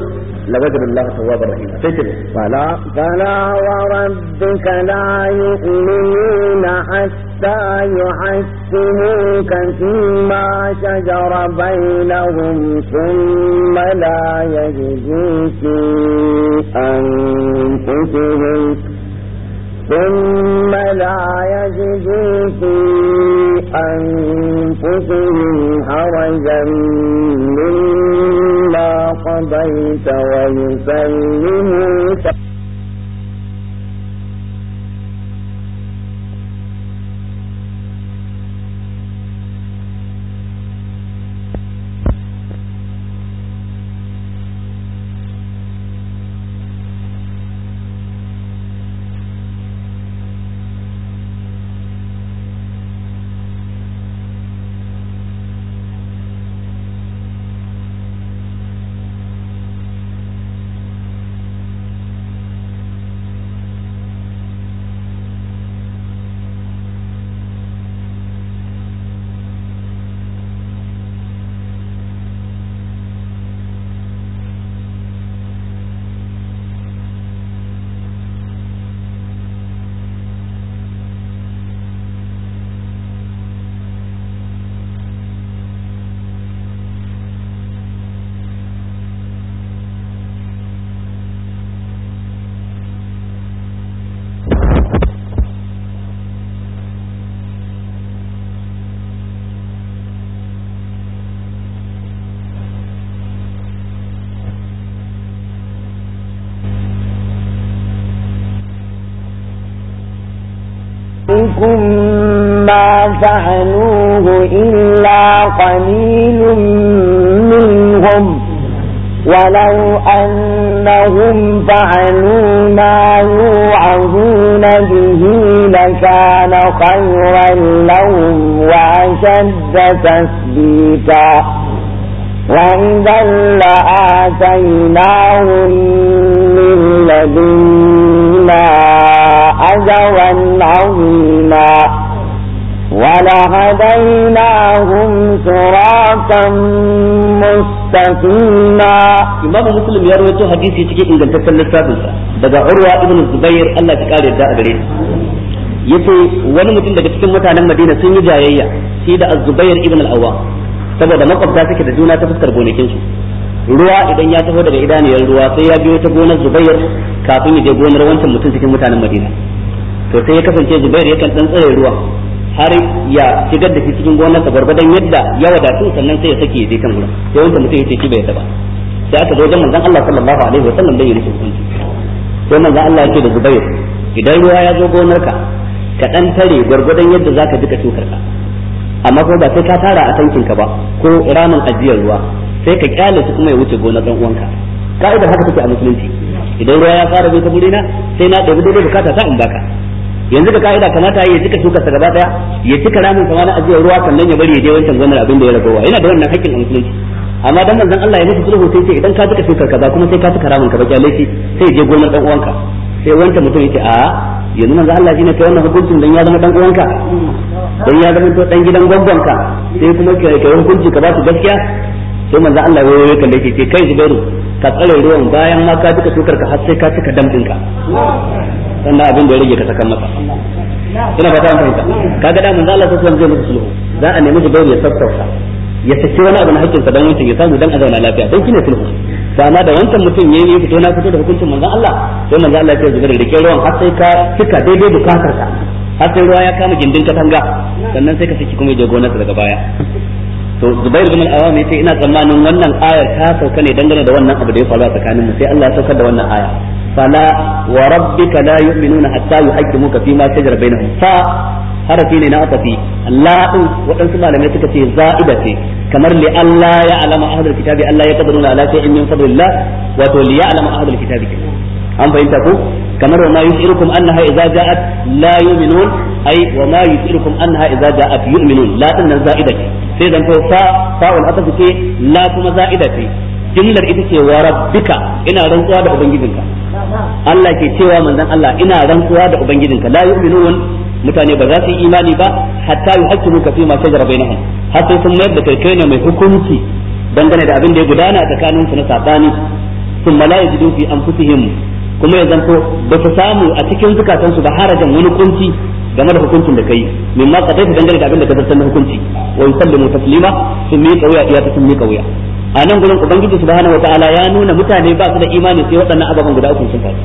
lawajadu allaha tawwabar rahim sai ce fala fala wa rabbika la yu'minuna hatta yuhaqqimuka fima shajara bainahum thumma la yajidu fi anfusihim ثم لا يجدوا في أنفسهم حرجا مما قضيت ويسلموا فعلوه إلا قليل منهم ولو أنهم فعلوا ما يوعظون به لكان خيرا لهم وأشد تثبيتا وإذا لآتيناهم من لدينا أجرا عظيما ولهديناهم صراطا مستقيما إمام مسلم يروي تو حديثي تكي إن قلت لسابنسا daga Urwa ibn Zubair Allah ya kare da gare yace wani mutum daga cikin mutanen Madina sun yi jayayya shi da Az-Zubair ibn al-Awwam saboda makwabta suke da juna ta fuskar gonakin su ruwa idan ya taho daga idaniyar ruwa sai ya biyo ta gonar Zubair kafin ya je gonar wancan mutum cikin mutanen Madina to sai ya kasance Zubair kan dan tsare ruwa har ya shigar da shi cikin gonar sa gwargwadon yadda ya wadatu sannan sai ya sake ya je kan gurin sai wanda mutum ya shi bai yadda sai aka zo wajen manzon Allah sallallahu alaihi wa sallam yi ya kunci hukunci sai manzon Allah yake da Zubair idan ruwa ya zo gonarka ka dan tare gwargwadon yadda zaka duka tukar ka amma kuma ba sai ka tara a tankin ka ba ko ramin ajiyar ruwa sai ka kyale su kuma ya wuce gonar dan uwanka ka'idar haka take a musulunci idan ruwa ya fara bai ta burina sai na ɗabi dole bukata ta in baka yanzu ka ka'ida kamata ya cika shukarsa gaba daya ya cika ramin sama na ajiyar ruwa sannan ya bari ya je wancan gwamnati abin da ya ragowa yana da wannan hakkin a musulunci amma dan manzon Allah ya musu sulhu sai ce idan ka cika shukar kaza kuma sai ka cika ramin ka baki laifi sai je gwamnati dan uwanka sai wancan mutum yace a yanzu manzon Allah shine kai wannan hukuncin dan ya zama dan uwanka dan ya zama dan gidan gwaggonka sai kuma kai hukunci ka ba su gaskiya sai manzon Allah ya yi kalle ce kai Zubairu ka tsare ruwan bayan ma ka cika shukar ka har sai ka cika dam ka sannan abin da ya rage ka sakan masa ina fata an fahimta kaga da mun zalla sallallahu zai wasallam sulhu za a nemi jibrin ya sassauta ya saki wani abu na hakkin sa dan wancan ya samu dan a zauna lafiya dan shine sulhu ba ma da wancan mutum yayi ne fito na fito da hukuncin manzo Allah sai manzo Allah ya ce da rike ruwan har sai ka fika daidai bukatar ka har sai ruwa ya kama gindin katanga sannan sai ka saki kuma ya je gonar daga baya to Zubair bin al-Awwam yace ina tsammanin wannan ayar ta sauka ne dangane da wannan abu da ya faru a tsakaninmu sai Allah ya saukar da wannan aya fala wa rabbika la yu'minuna hatta yuhaqqimuka fi ma shajara bainahum fa harafi ne na asafi la'u waɗansu malamai suka ce za'ida ce kamar li Allah ya alama ahlul kitabi Allah ya kadruna ala shay'in min fadlillah wato li ya alama ahlul kitabi an fahimta ko kamar wa ma yushirukum annaha idza ja'at la yu'minun ay wa ma yushirukum annaha idza ja'at yu'minun la din nan za'ida ce sai zan to fa fa'ul aka ce la kuma za'ida ce jimlar ita ce wa rabbika ina rantsuwa da ubangijinka Allah ke cewa manzon Allah ina rantsuwa da ubangijinka la yu'minun mutane ba za su yi imani ba hatta yuhaqqimu ka fi ma shajara bainahum har sai sun mayar da kai ne mai hukunci dangane da abin da ya gudana a tsakanin su na sabani sun la yajidu fi mu. kuma ya zanto ba su samu a cikin zukatansu ba harajan wani kunci game da hukuncin da kai min ma ta dangane da abin da ka zartar na hukunci wa yusallimu taslima sun mi kauya iya ta sun mi kauya a nan gurin ubangiji subhanahu wataala ya nuna mutane ba su da imani sai waɗannan ababen guda uku sun faru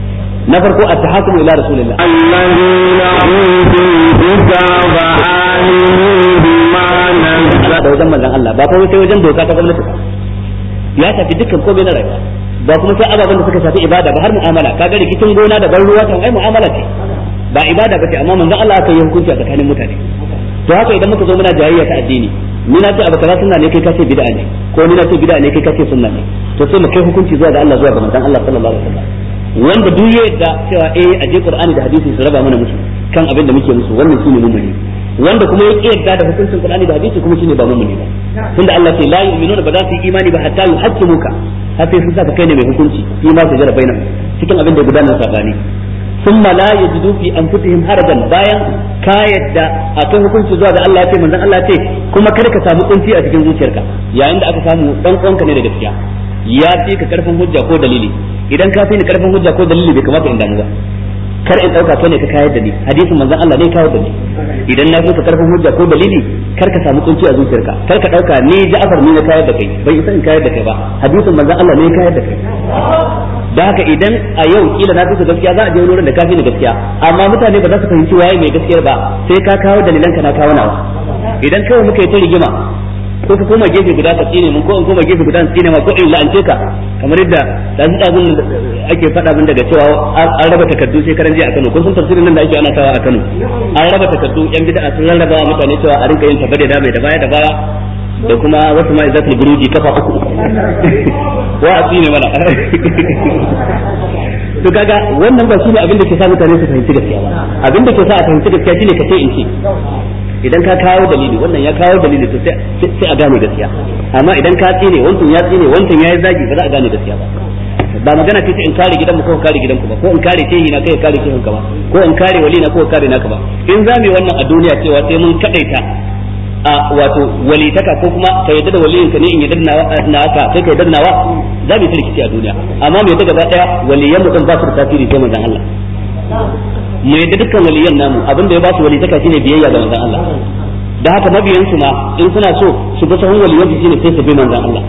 na farko at-tahakum ila rasulillah alladhina hum fi kitaba aminu ma nazala da wajen manzon Allah ba kawai sai wajen doka ta gwamnati ya tafi dukkan komai na rayuwa ba kuma sai ababen da suka shafi ibada ba har mu'amala kaga rikicin gona da ban ruwa kan ai mu'amala ce ba ibada bace amma manzon Allah aka yi hukunci a tsakanin mutane to haka idan muka zo muna jayayya ta addini ni na ce abu kaza sunna ne kai ka ce bid'a ne ko ni na ce bid'a ne kai ka ce sunna ne to sai mu kai hukunci zuwa ga Allah zuwa ga manzon Allah sallallahu alaihi wasallam wanda duk ya yadda cewa eh aje Qur'ani da hadisi su raba mana musu kan abin da muke musu wannan shine mummuni wanda kuma ya yadda da hukuncin Qur'ani da hadisi kuma shine ba mun mummuni ba tunda Allah ce la yu'minuna ba za su yi imani ba hatta yuhaqqimuka har sai sun ka kai ne mai hukunci fi ma su jira bainahum cikin abin da gudanar sabani thumma la yajidu fi anfusihim harajan bayan ka yadda akan hukunci zuwa da Allah ya ce manzon Allah ya ce kuma kada ka samu kunci a cikin zuciyarka yayin da aka samu dan uwanka ne da gaskiya ya fi ka karfin hujja ko dalili idan ka fi ni karfin hujja ko dalili bai kamata in damu ba kar in dauka kai ne ka kayar da ni hadisin manzon Allah ne kawo da ni idan na fi ka karfin hujja ko dalili kar ka samu kunci a zuciyarka kar ka dauka ni Ja'far ne ya kayar da kai bai san kayar da kai ba hadisin manzon Allah ne kayar da kai da haka idan a yau kila na fito gaskiya za a je wurin da kafi ne gaskiya amma mutane ba za su fahimci waye mai gaskiyar ba sai ka kawo dalilan ka na kawo nawa idan kawai muka yi ta rigima ko ka koma gefe guda ka tsine mun ko in koma gefe guda tsine ma ko in la'ance ka kamar yadda da su abun ake faɗa min daga cewa an raba takardu sai karan a Kano ko sun tafsirin nan da ake ana sawa a Kano an raba takardu yan bid'a sun rarraba wa mutane cewa a rinka yin tabbade da mai da baya da baya da kuma wasu ma izatul buruji kafa uku *laughs* wa a tsine mana *laughs* to kaga wannan ba ne abin da ke sa mutane su fahimci gaskiya ba abin da ke sa a fahimci gaskiya shine ce in ce idan ka kawo dalili wannan ya kawo dalili to sai a gane gaskiya amma idan ka tsine wancan ya tsine wancan ya yi zagi ba za a gane gaskiya ba ba magana ce in kare gidanmu ko kare gidanku ba ko in kare shehi na kai kare ke ka ba ko in kare wali na ko kare naka ba in za mu yi wannan a duniya cewa sai mun kadaita a wato walitaka ko kuma ka yadda da waliyinka ne in yadda eh, na haka kai ka yadda nawa za mu yi rikici a duniya amma mu yadda gaba daya waliyan mu kan ba su tasiri sai manzon Allah mu yadda dukkan waliyan namu abin da ya ba su walitaka shine biyayya ga manzon Allah da haka mabiyan su in suna so su bi sahun waliyan su shine sai su bi manzon Allah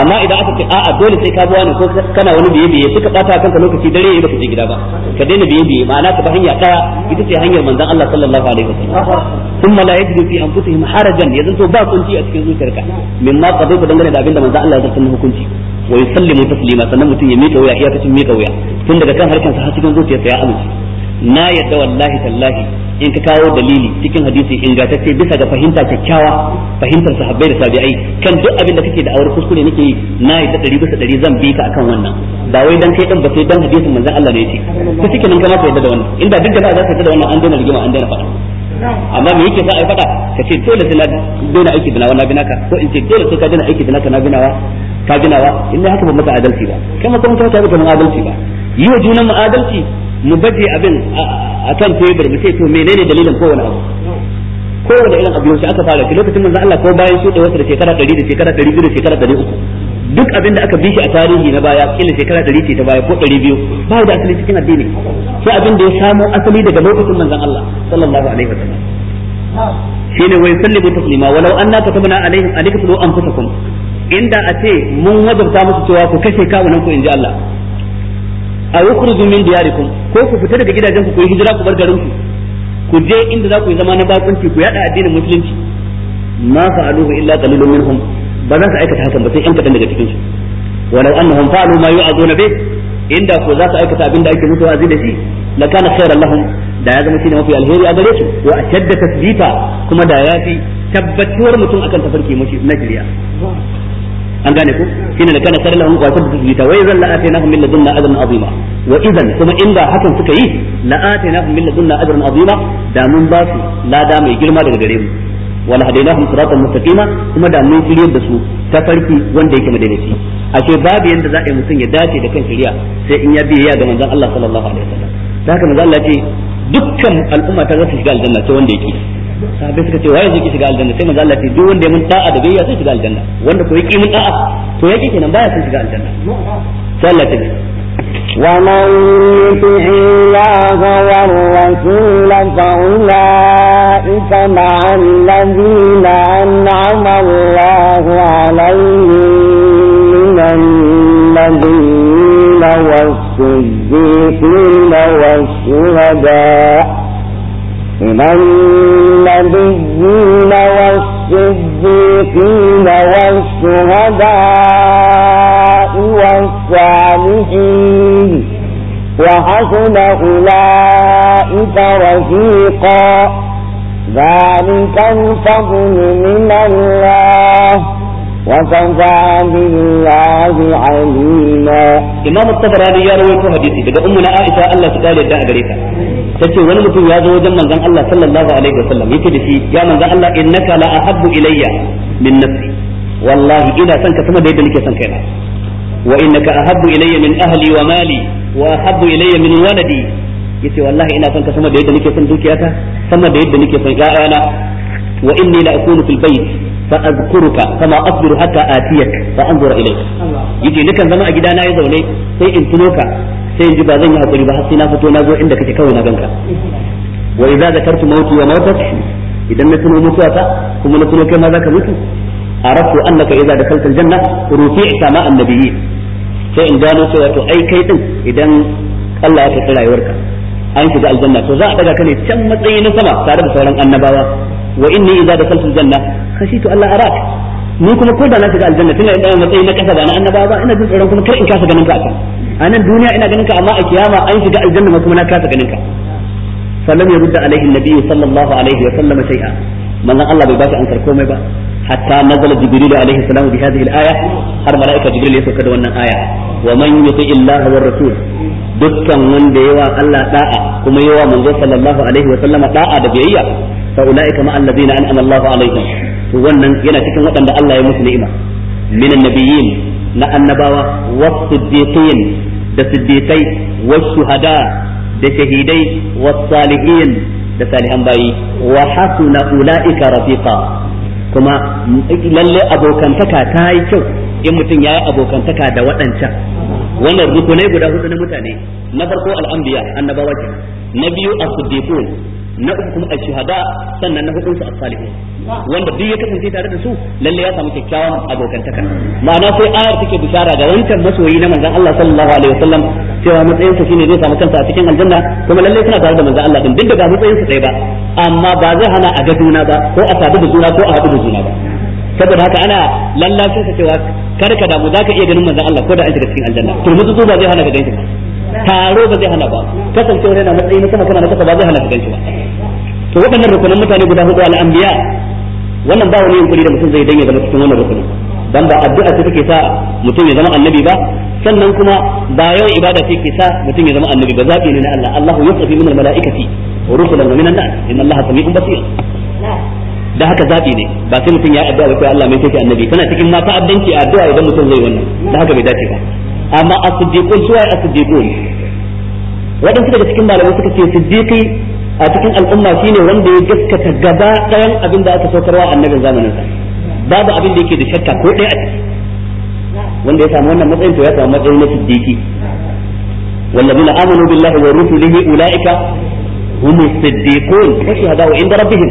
amma idan aka ce a'a dole sai ka buwa ne ko kana wani biye biye suka bata kanka lokaci dare yayi baka je gida ba ka daina biye biye ma'ana ka ba hanya daya ita ce hanyar manzon Allah sallallahu alaihi wasallam thumma la yajidu fi anfusihim harajan yazanto ba kunci a cikin zuciyarka mimma qadayta dangane da abinda manzon Allah ya zartar hukunci wa yusallimu taslima sannan mutum ya mika wuya iyakacin mika wuya tun daga kan harkansa har cikin zuciyarsa ya amince na yadda wallahi tallahi in ka kawo dalili cikin hadisi ingantacce bisa ga fahimta kyakkyawa fahimtar sahabbai da tabi'ai kan duk abin da kake da awar kuskure nake yi na yadda ɗari bisa ɗari zan bi ka akan wannan ba wai dan kai dan ba sai dan hadisin manzon Allah ne yace ko cikin nan kana ka yadda da wannan inda duk da za ka yadda da wannan an daina rigima an daina faɗa amma me yake sa ai fada ka ce dole sai na dole aiki binawa na binaka ko in ce dole sai ka dina aiki da na binawa ka binawa in in haka ba maka adalci ba kai ma kuma ta ba mun adalci ba yi wa junan mu adalci mu baje abin a kan tebur mu ce to menene dalilin kowane abu kowane irin abu yaushe aka fara ki lokacin manzo Allah ko bayan da wata da shekara 100 da shekara 200 da shekara 300 duk abin da aka bi shi a tarihi na baya kila shekara ɗari ce ta baya ko ɗari biyu ba da asali cikin addini sai abin da ya samo asali daga lokacin manzon Allah sallallahu alaihi wa shi ne wai sallibu taslima walau anna katabna alaihim an anfusakum inda a ce mun wajabta musu cewa ku kashe kawunan ku inji Allah a yukhruju min diyarikum ko ku fita daga gidajen ku ku yi hijira ku bar garin ku ku je inda za ku yi zama na bakunci ku yada addinin musulunci ma fa'aluhu illa qalilun minhum ba za su aikata hakan ba sai in kaɗan daga cikin su walau annahum fa'alu ma yu'aduna bih inda ko za su aikata abin da ake musu wa'azi da shi la kana khairan lahum da ya zama shine mafi alheri a gare su wa ashadda tasbita kuma da ya fi tabbatuwar mutum akan tafarki mashi na jiriya an gane ku shine da kana khairan lahum wa ashadda tasbita wa idan la'atainahum min ladunna ajran azima wa idan kuma in inda hakan suka yi la'atainahum min ladunna ajran azima da mun ba su lada mai girma daga gare mu wala hadaina hadainahum siratan mustaqima kuma da mun shiryar da su ta farki wanda yake madaidaici ashe babu yanda za a yi mutum ya dace da kan shari'a sai in ya bi ya ga manzon Allah sallallahu alaihi wasallam da haka manzon Allah ce dukkan al'umma ta za ta shiga aljanna sai wanda yake sahabbai suka ce waye zai shiga aljanna sai manzo Allah ce duk wanda ya mun ta'a da biyayya sai shiga aljanna wanda ko yake mun ta'a to yake kenan baya son shiga aljanna sai Allah ta ومن يطع الله والرسول فأولئك مع الذين أنعم الله عليهم من النبيين والصديقين والشهداء من النبيين والصديقين والصديقين والشهداء والصالحين وحسن أولئك رفيقا ذلك الفضل من الله وكفى بالله عليما امام الطبراني يا رويت حديثي daga ummuna aisha Allah ta kare da gare ta tace wani mutum ya zo wajen manzon Allah sallallahu alaihi wasallam yake da shi ya manzon Allah innaka la ahabbu ilayya min nafsi wallahi ina son ka sama da yadda nake son kaina wa innaka ahabbu ilayya min ahli wa mali wa ahabbu ilayya min waladi yace wallahi ina ka sama da yadda dukiyata sama da yadda wa inni la akunu fil bayt fa azkuruka kama asbiru hatta atiyak fa anzura ilayk yace nikan zama a gidana ya zaune sai in tuno ka sai in ji ba zan yi hakuri ba har na fito na zo inda kake kawai na ganka wa idza zakartu mauti wa mautak idan na tuno mutuwa ta kuma na tuno kai ma zaka mutu araftu annaka idza dakalta aljanna rufi'ta ma annabiyyi sai in gano cewa to ai kai din idan Allah ya tafi rayuwarka an shiga aljanna to za a daga ka can matsayi na sama tare da sauran annabawa wa inni idza dakaltu aljanna khashitu alla arak ni kuma ko da na shiga aljanna tunda ina matsayi na kasa da na annaba ba ina jin tsoron kuma kar in kasa ganin ka a nan duniya ina ganin ka amma a kiyama an shiga aljanna ma kuma na kasa ganin ka فلم يرد عليه النبي صلى الله عليه وسلم شيئا من الله بباشا a كومي با حتى نزل جبريل عليه السلام بهذه a هر ya sauka da wannan aya. wa man yuti illaha war rasul dukkan wanda yawa Allah da'a kuma yawa manzo sallallahu alaihi wa sallama da'a da biyayya fa ulaika ma allazina an'ama Allahu alaihim to wannan yana cikin waɗanda Allah ya musu ni'ima minan nabiyyin na annabawa was-siddiqin da siddiqai was-shuhada da shahidai was-salihin da salihan bayi wa hasuna ulaika rafiqa kuma lalle abokantaka ta yi kyau in mutum ya yi abokantaka da waɗancan wannan rukunai guda hudu na mutane na farko al'ambiya annabawa na biyu as na uku kuma ashuhada sannan na hudun su as-salihun wanda duk ya kasance tare da su lalle ya samu kyakkyawan abokantaka ma'ana sai ayar take bishara ga wancan masoyi na manzon Allah sallallahu alaihi wasallam cewa matsayin sa shine zai samu kansa a cikin aljanna kuma lalle suna tare da manzon Allah din duk da ba matsayin su ba amma ba zai hana a ga juna ba ko a sadu da juna ko a hadu da juna ba saboda haka ana lallashin sa cewa kar ka damu zaka iya ganin manzon Allah ko da an shiga cikin aljanna turmutsu ba zai hana ka ganin ba taro ba zai hana ba kasancewar yana matsayi na sama kana na kasa ba zai hana ka ganshi ba to waɗannan rukunin mutane guda hudu al'anbiya wannan ba wani yunkuri da mutum zai danya zama cikin wannan rukunin dan ba addu'a ce take sa mutum ya zama annabi ba sannan kuma ba yawan ibada ce ke sa mutum ya zama annabi ba zabi ne na Allah Allahu yasafi min al-mala'ikati wa rusulan wa minan nas inna Allaha sami'un basir da haka zabi ne ba sai mutum ya addu'a ba sai Allah mai take annabi kana cikin ma ta'addanci addu'a idan mutum zai wannan da haka bai dace ba amma as-siddiqun suwaye as-siddiqun waɗansu daga cikin malamai suka ce siddiqi a cikin al'umma shine wanda ya gaskata gaba ɗayan abin da aka saukarwa annabin zamanin sa babu abin da yake da shakka ko ɗaya a ciki wanda ya samu wannan matsayin to ya samu matsayin na wala siddiqi والذين آمنوا بالله ورسله أولئك هم الصديقون وشهداء عند ربهم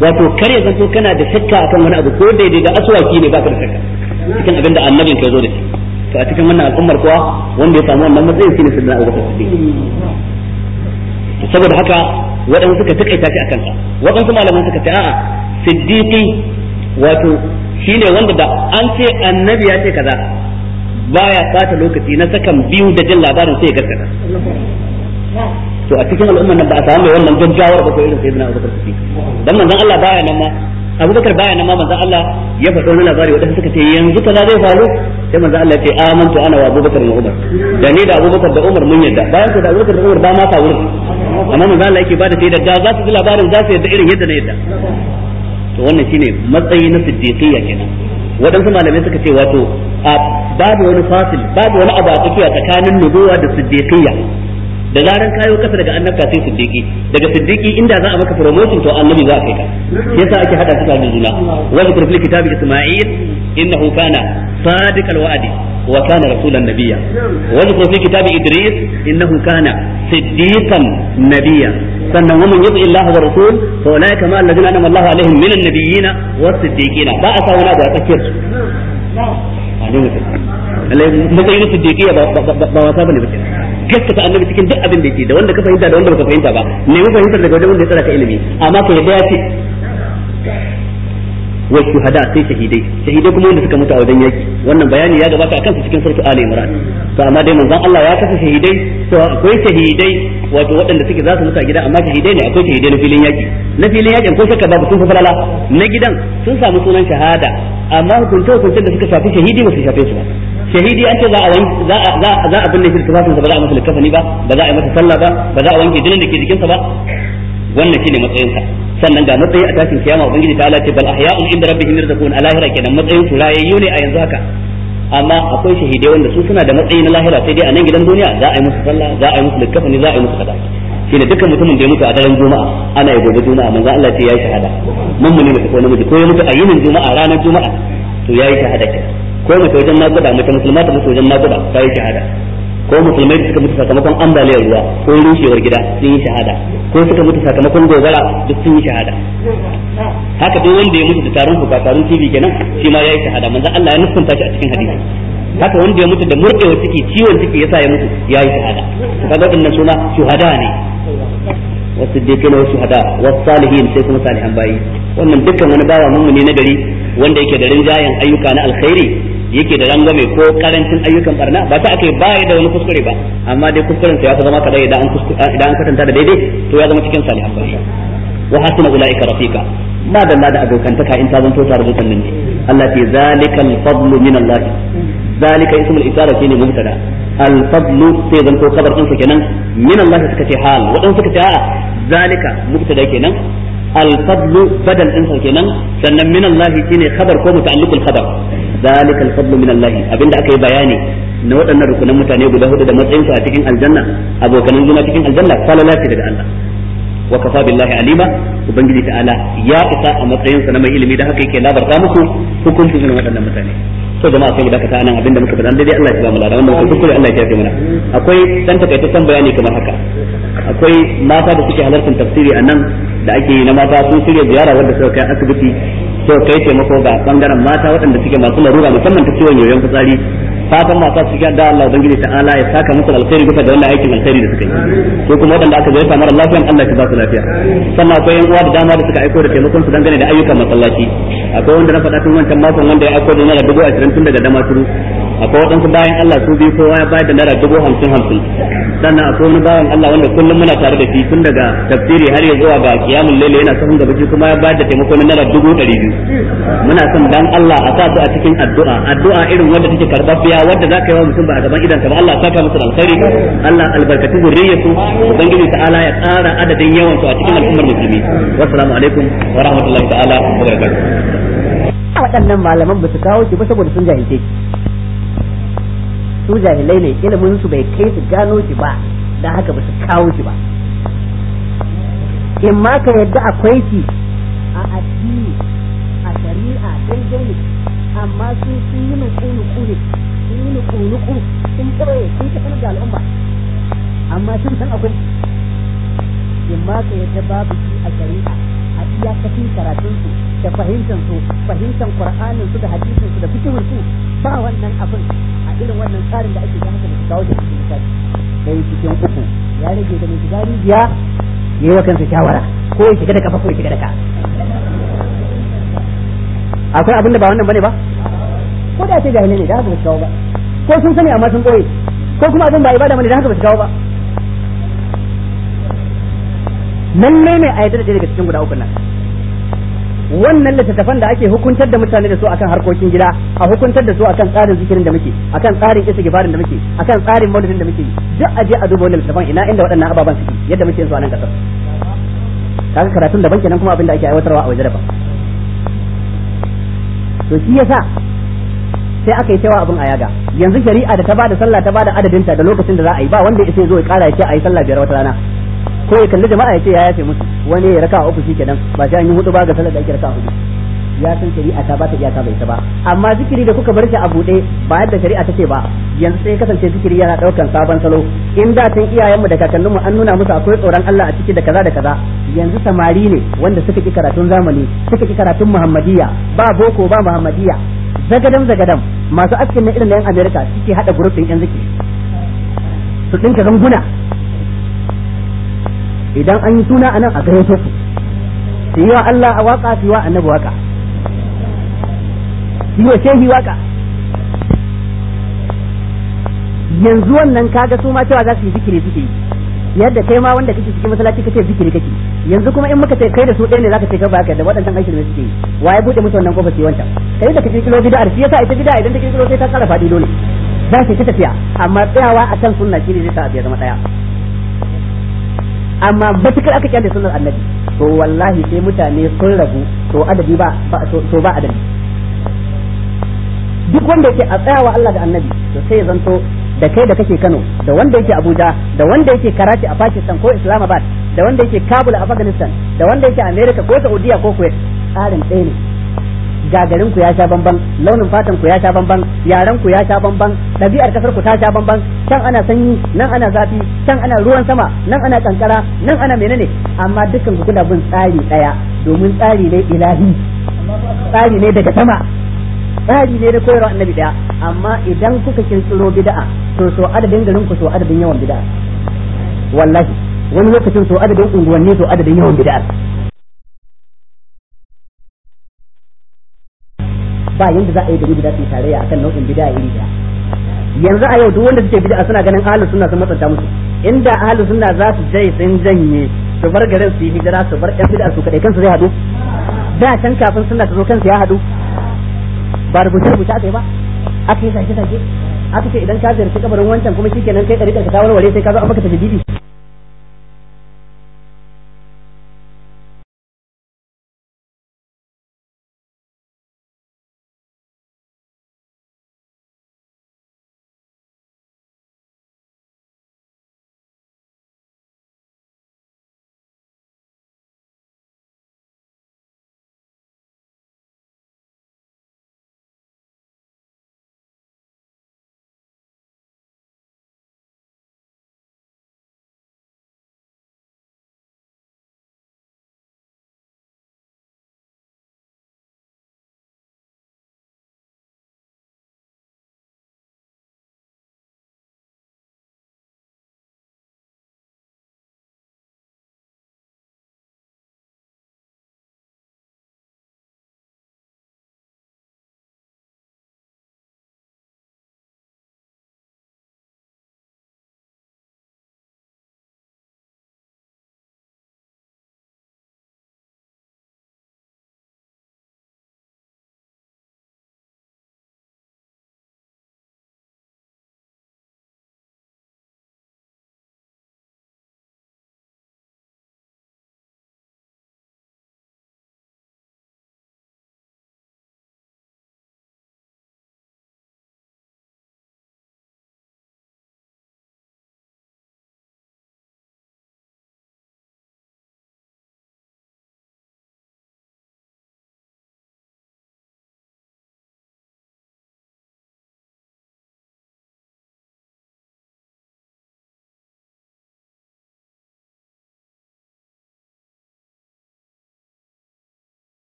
wato kare ya zanto kana da shakka akan wani abu ko daidai da aswaki ne baka da shakka cikin abin da annabin ka zo da shi to a cikin wannan al'ummar kuwa wanda ya samu wannan matsayin shine sayyidina Abubakar Siddiq saboda haka waɗansu suka takaita shi a sa waɗansu malaman suka ce a'a siddiqi wato shine wanda da an ce annabi ya ce kaza baya fata lokaci na sakan biyu da jin labarin sai ya gaskata to a cikin al'ummar nan ba a samu wannan gaggawar ba ko irin sayyidina Abubakar Siddiq dan manzon Allah baya nan ma Abu Bakar baya na ma Allah ya faɗo wani labari wadanda suka ce yanzu kaza zai faru sai manzo Allah ya ce amantu ana wa abubakar da umar da ni da abubakar da umar mun yadda bayan ko da abubakar da umar ba ma faru amma manzo Allah yake bada sai da ga za su ji labarin za su yadda irin yadda na yadda to wannan shine matsayi na siddiqiyya kenan waɗansu malamai suka ce wato babu wani fasil babu wani abu a tsakiya tsakanin nubuwa da siddiqiyya da zaran kayo kasa daga annabta sai siddiqi daga siddiqi inda za a maka promotion to annabi za a kai ka yasa ake hada su tare juna wa zikr fil kitabi isma'il innahu kana sadiqal wa'di wa kana rasulan nabiyya wa zikr fil kitabi idris innahu kana siddiqan nabiyya sannan wa man illah wa rasul fa ulaika ma alladhina anama Allahu alaihim minan nabiyyina siddiqina ba a sa da tsakiyar su a ba ba gaskata annabi cikin duk abin da yake da wanda ka fahimta da wanda baka fahimta ba nemi fahimtar daga wajen wanda ya tsara ka ilimi amma ka yadda ya ce wa shuhada sai shahidai shahidai kuma wanda suka mutu a wajen yaki wannan bayani ya gabata a kansu cikin surtu ali imran to amma dai manzon Allah ya kasa shahidai to akwai shahidai wato waɗanda suke za su mutu a gida amma shahidai ne akwai shahidai na filin yaki na filin yakin ko shakka babu sun la na gidan sun samu sunan shahada amma hukunce hukuncen da suka shafi shahidi ba su shafe su ba shahidi an ce za a za a binne shi tufafin sa ba za a masa likafani ba ba za a yi masa sallah ba ba za a wanke jinin da ke jikinsa ba wannan shine matsayin sa sannan ga matsayi a tashin kiyama ubangiji ta Allah ce bal ahya'un inda rabbihim yarzaqun a lahira kenan matsayin su rayayyu ne a yanzu haka amma akwai shahidai wanda su suna da matsayi na lahira sai dai a nan gidan duniya za a yi musu sallah za a yi musu likafani za a yi musu kaza shine dukkan mutumin da ya mutu a daren juma'a ana yi gobe juma'a manzo Allah ce yayi shahada mun mun ne ko namiji ko ya mutu a yinin juma'a ranar juma'a to yayi shahada kenan ko mace wajen naƙuda mace musulma ta mutu wajen naƙuda ta yi shahada ko musulmai suka mutu sakamakon ambaliyar ruwa ko rushewar gida sun yi shahada ko suka mutu sakamakon gobara duk sun yi shahada haka duk wanda ya mutu da tarin fuka tarin TV kenan shi ma yayi shahada manzo Allah ya nufin tashi a cikin hadisi haka wanda ya mutu da murdewa ciki ciwon ciki yasa ya mutu yayi shahada kaga wadannan suna shuhada ne Wasu wasiddiqina wasu hada wasu salihin sai kuma salihan bayi wannan dukkan wani bawa mummuni na gari wanda yake da rinjayen ayyuka na alkhairi yake da rangwame ko karancin ayyukan barna ba ta ake baya da wani kuskure ba amma dai kuskuren sa ya zama kaza idan an idan an katanta da daidai to ya zama cikin salihan bayi wa hasuna ulaika rafika ma da da abokantaka in ta zanto tare da nan ne Allah ce zalikal fadlu min Allah zalika ismul isara shine mubtada al fadlu sai zanto kabar din kenan min Allah suka ce hal wadan suka ce a zalika mubtada kenan الفضل بدل انسا كنن سنن من الله شيني خبر كو متعلق الخبر ذلك الفضل من الله ابين da akai bayani na waɗannan rukunan mutane guda hudu da matsayin su a cikin aljanna abokanan zuma cikin aljanna falala ce daga Allah wa kafa billahi alima ubangiji ta'ala ya isa a matsayin sa na mai ilimi da haka yake labarta muku hukuncin waɗannan mutane so jama'a sai dakata anan abinda muka faɗa dai Allah ya ba mu ladan wannan kuma kuskure Allah ya kiyaye mana akwai dan takaitaccen bayani kamar haka akwai mata da suke halartar tafsiri a nan da ake yi na mata sun shirya ziyara wanda suka kai asibiti so kai taimako ga bangaren mata waɗanda suke masu larura musamman ta ciwon yoyon fitsari fatan mata su da Allah ubangiji ala ya saka musu alkhairi duka da wannan aikin alkhairi da suka yi ko kuma wanda aka zai mara lafiyan Allah ya ba su lafiya sannan akwai yan uwa da dama da suka aika da taimakon su dangane da ayyukan masallaci akwai wanda na faɗa tun wancan makon wanda ya akwai da naira dubu ashirin tun daga damaturu akwai waɗansu bayan Allah su biyu kowa ya bayar da naira dubu hamsin hamsin sannan akwai wani bayan Allah wanda kullum muna tare da shi tun daga tafsiri har ya zuwa ga kiyamun lele yana sahun gaba shi kuma ya bayar da taimako na naira dubu ɗari biyu muna son dan Allah a sa su a cikin addu'a addu'a irin wanda take karɓaɓɓiya wanda za ka yi wa mutum ba a gaban idan ka ba Allah saka musu alkhairi Allah albarkatu zurriyarsu ubangiji ta'ala ya ƙara adadin yawan su a cikin al'ummar musulmi wassalamu alaikum wa rahmatullahi ta'ala wa barakatuh waɗannan malaman ba su kawo shi ba saboda sun jahilce shi su jahilai ne ilimin su bai kai su gano shi ba da haka ba su kawo shi ba in ma ka yadda akwai shi a addini a shari'a daidai ne amma su sun yi mai kunu kunu sun yi mai kunu kunu sun ɓoye sun tafi da al'umma amma sun san akwai in ma ka yadda babu shi a shari'a iyakacin karatun su da fahimtar su fahimtar qur'anin su da hadisin su da fikihin su ba wannan abin a irin wannan tsarin da ake ga haka da kawo da cikin misali sai cikin uku ya rage da mai shiga biya yayi wa kansa shawara ko ya shiga da kafa ko ya shiga da ka akwai abin da ba wannan bane ba ko da ce jahilai ne da haka ba su kawo ba ko sun sani amma sun boye ko kuma abin ba ibada bane da haka ba su kawo ba nan ne ne a yadda daga cikin guda uku nan wannan littattafan da ake hukuntar da mutane da su akan harkokin gida a hukuntar da su akan tsarin zikirin da muke akan tsarin gibarin da muke akan tsarin maulidin da muke duk aje a duba wannan littattafan ina inda waɗannan ababan suke yadda muke yanzu a nan kasar kaga karatun daban kenan kuma abin da ake aiwatarwa a waje daban to shi yasa sai aka yi cewa abin a yaga yanzu shari'a da ta bada sallah ta bada adadinta da lokacin da za a yi ba wanda ya sai zo ya kara ya ce a yi sallah biyar wata rana ko ya kalli jama'a ya ce ya yafe musu wani ya raka uku kenan ba sai an yi hudu ba ga salat da ake raka hudu ya san shari'a ta ba bata iyaka bai ta ba amma zikiri da kuka bar shi a bude ba yadda shari'a take ba yanzu sai kasance zikiri yana daukan sabon salo in da tun iyayenmu da kakanninmu an nuna musu akwai tsoron Allah a ciki da kaza da kaza yanzu samari ne wanda suka ki karatun zamani suka ki karatun muhammadiya ba boko ba muhammadiya zagadam zagadam masu askin na irin na yan america suke hada gurbin yan zikiri su dinka ganguna idan an yi suna anan a gare su su yi wa Allah a waka su yi wa annabi waka su yi wa shehi waka yanzu wannan kaga su ma cewa za su yi zikiri suke yi yadda kai ma wanda kake cikin masallaci kake zikiri kake yanzu kuma in muka ce kai da su ɗaya ne zaka ce ka baka da waɗannan aikin da suke yi waye bude musu wannan kofar wancan kai da kake kilo bid'a shi yasa ita bid'a idan ta kilo sai ta kara fadi dole za ta tafiya amma tsayawa akan sunna shine zai sa abu zama daya amma matukar aka kyanta sunan annabi to wallahi sai mutane sun ragu to adadi ba to ba adadi duk wanda yake a tsayawa Allah da annabi to sai ya zanto da kai da kake Kano da wanda yake Abuja da wanda yake Karachi a Pakistan ko Islamabad da wanda yake Kabul a Afghanistan da wanda yake America ko Saudiya ko Kuwait tsarin ɗaya ne gagarin ku ya sha bamban launin fatan ku ya sha bamban yaran ku ya sha bamban ɗabi'ar kasar ku ta sha bamban can ana sanyi nan ana zafi can ana ruwan sama nan ana kankara nan ana menene amma dukkan ku kuna bin tsari daya domin tsari ne ilahi tsari ne daga sama tsari ne da koyarwa annabi daya amma idan kuka kirkiro bid'a to so adadin garin ku so adadin yawan bid'a wallahi wani lokacin so adadin unguwanni so adadin yawan bid'a ba yanda za a yi gari bida su tarayya akan nau'in bid'a iri da yanzu a yau duk wanda suke bid'a suna ganin ahlus sunna sun matsanta musu inda ahlus sunna za su je sun janye su bar garin su yi hijira su bar yan bid'a su kadai kansu zai hadu da can kafin sunna ta zo kansu ya hadu ba rubuce rubuce aka yi ba aka yi sake sake aka ce idan ka ziyarci kabarin wancan kuma shikenan kai ɗari ka warware sai ka zo an baka tafi bibi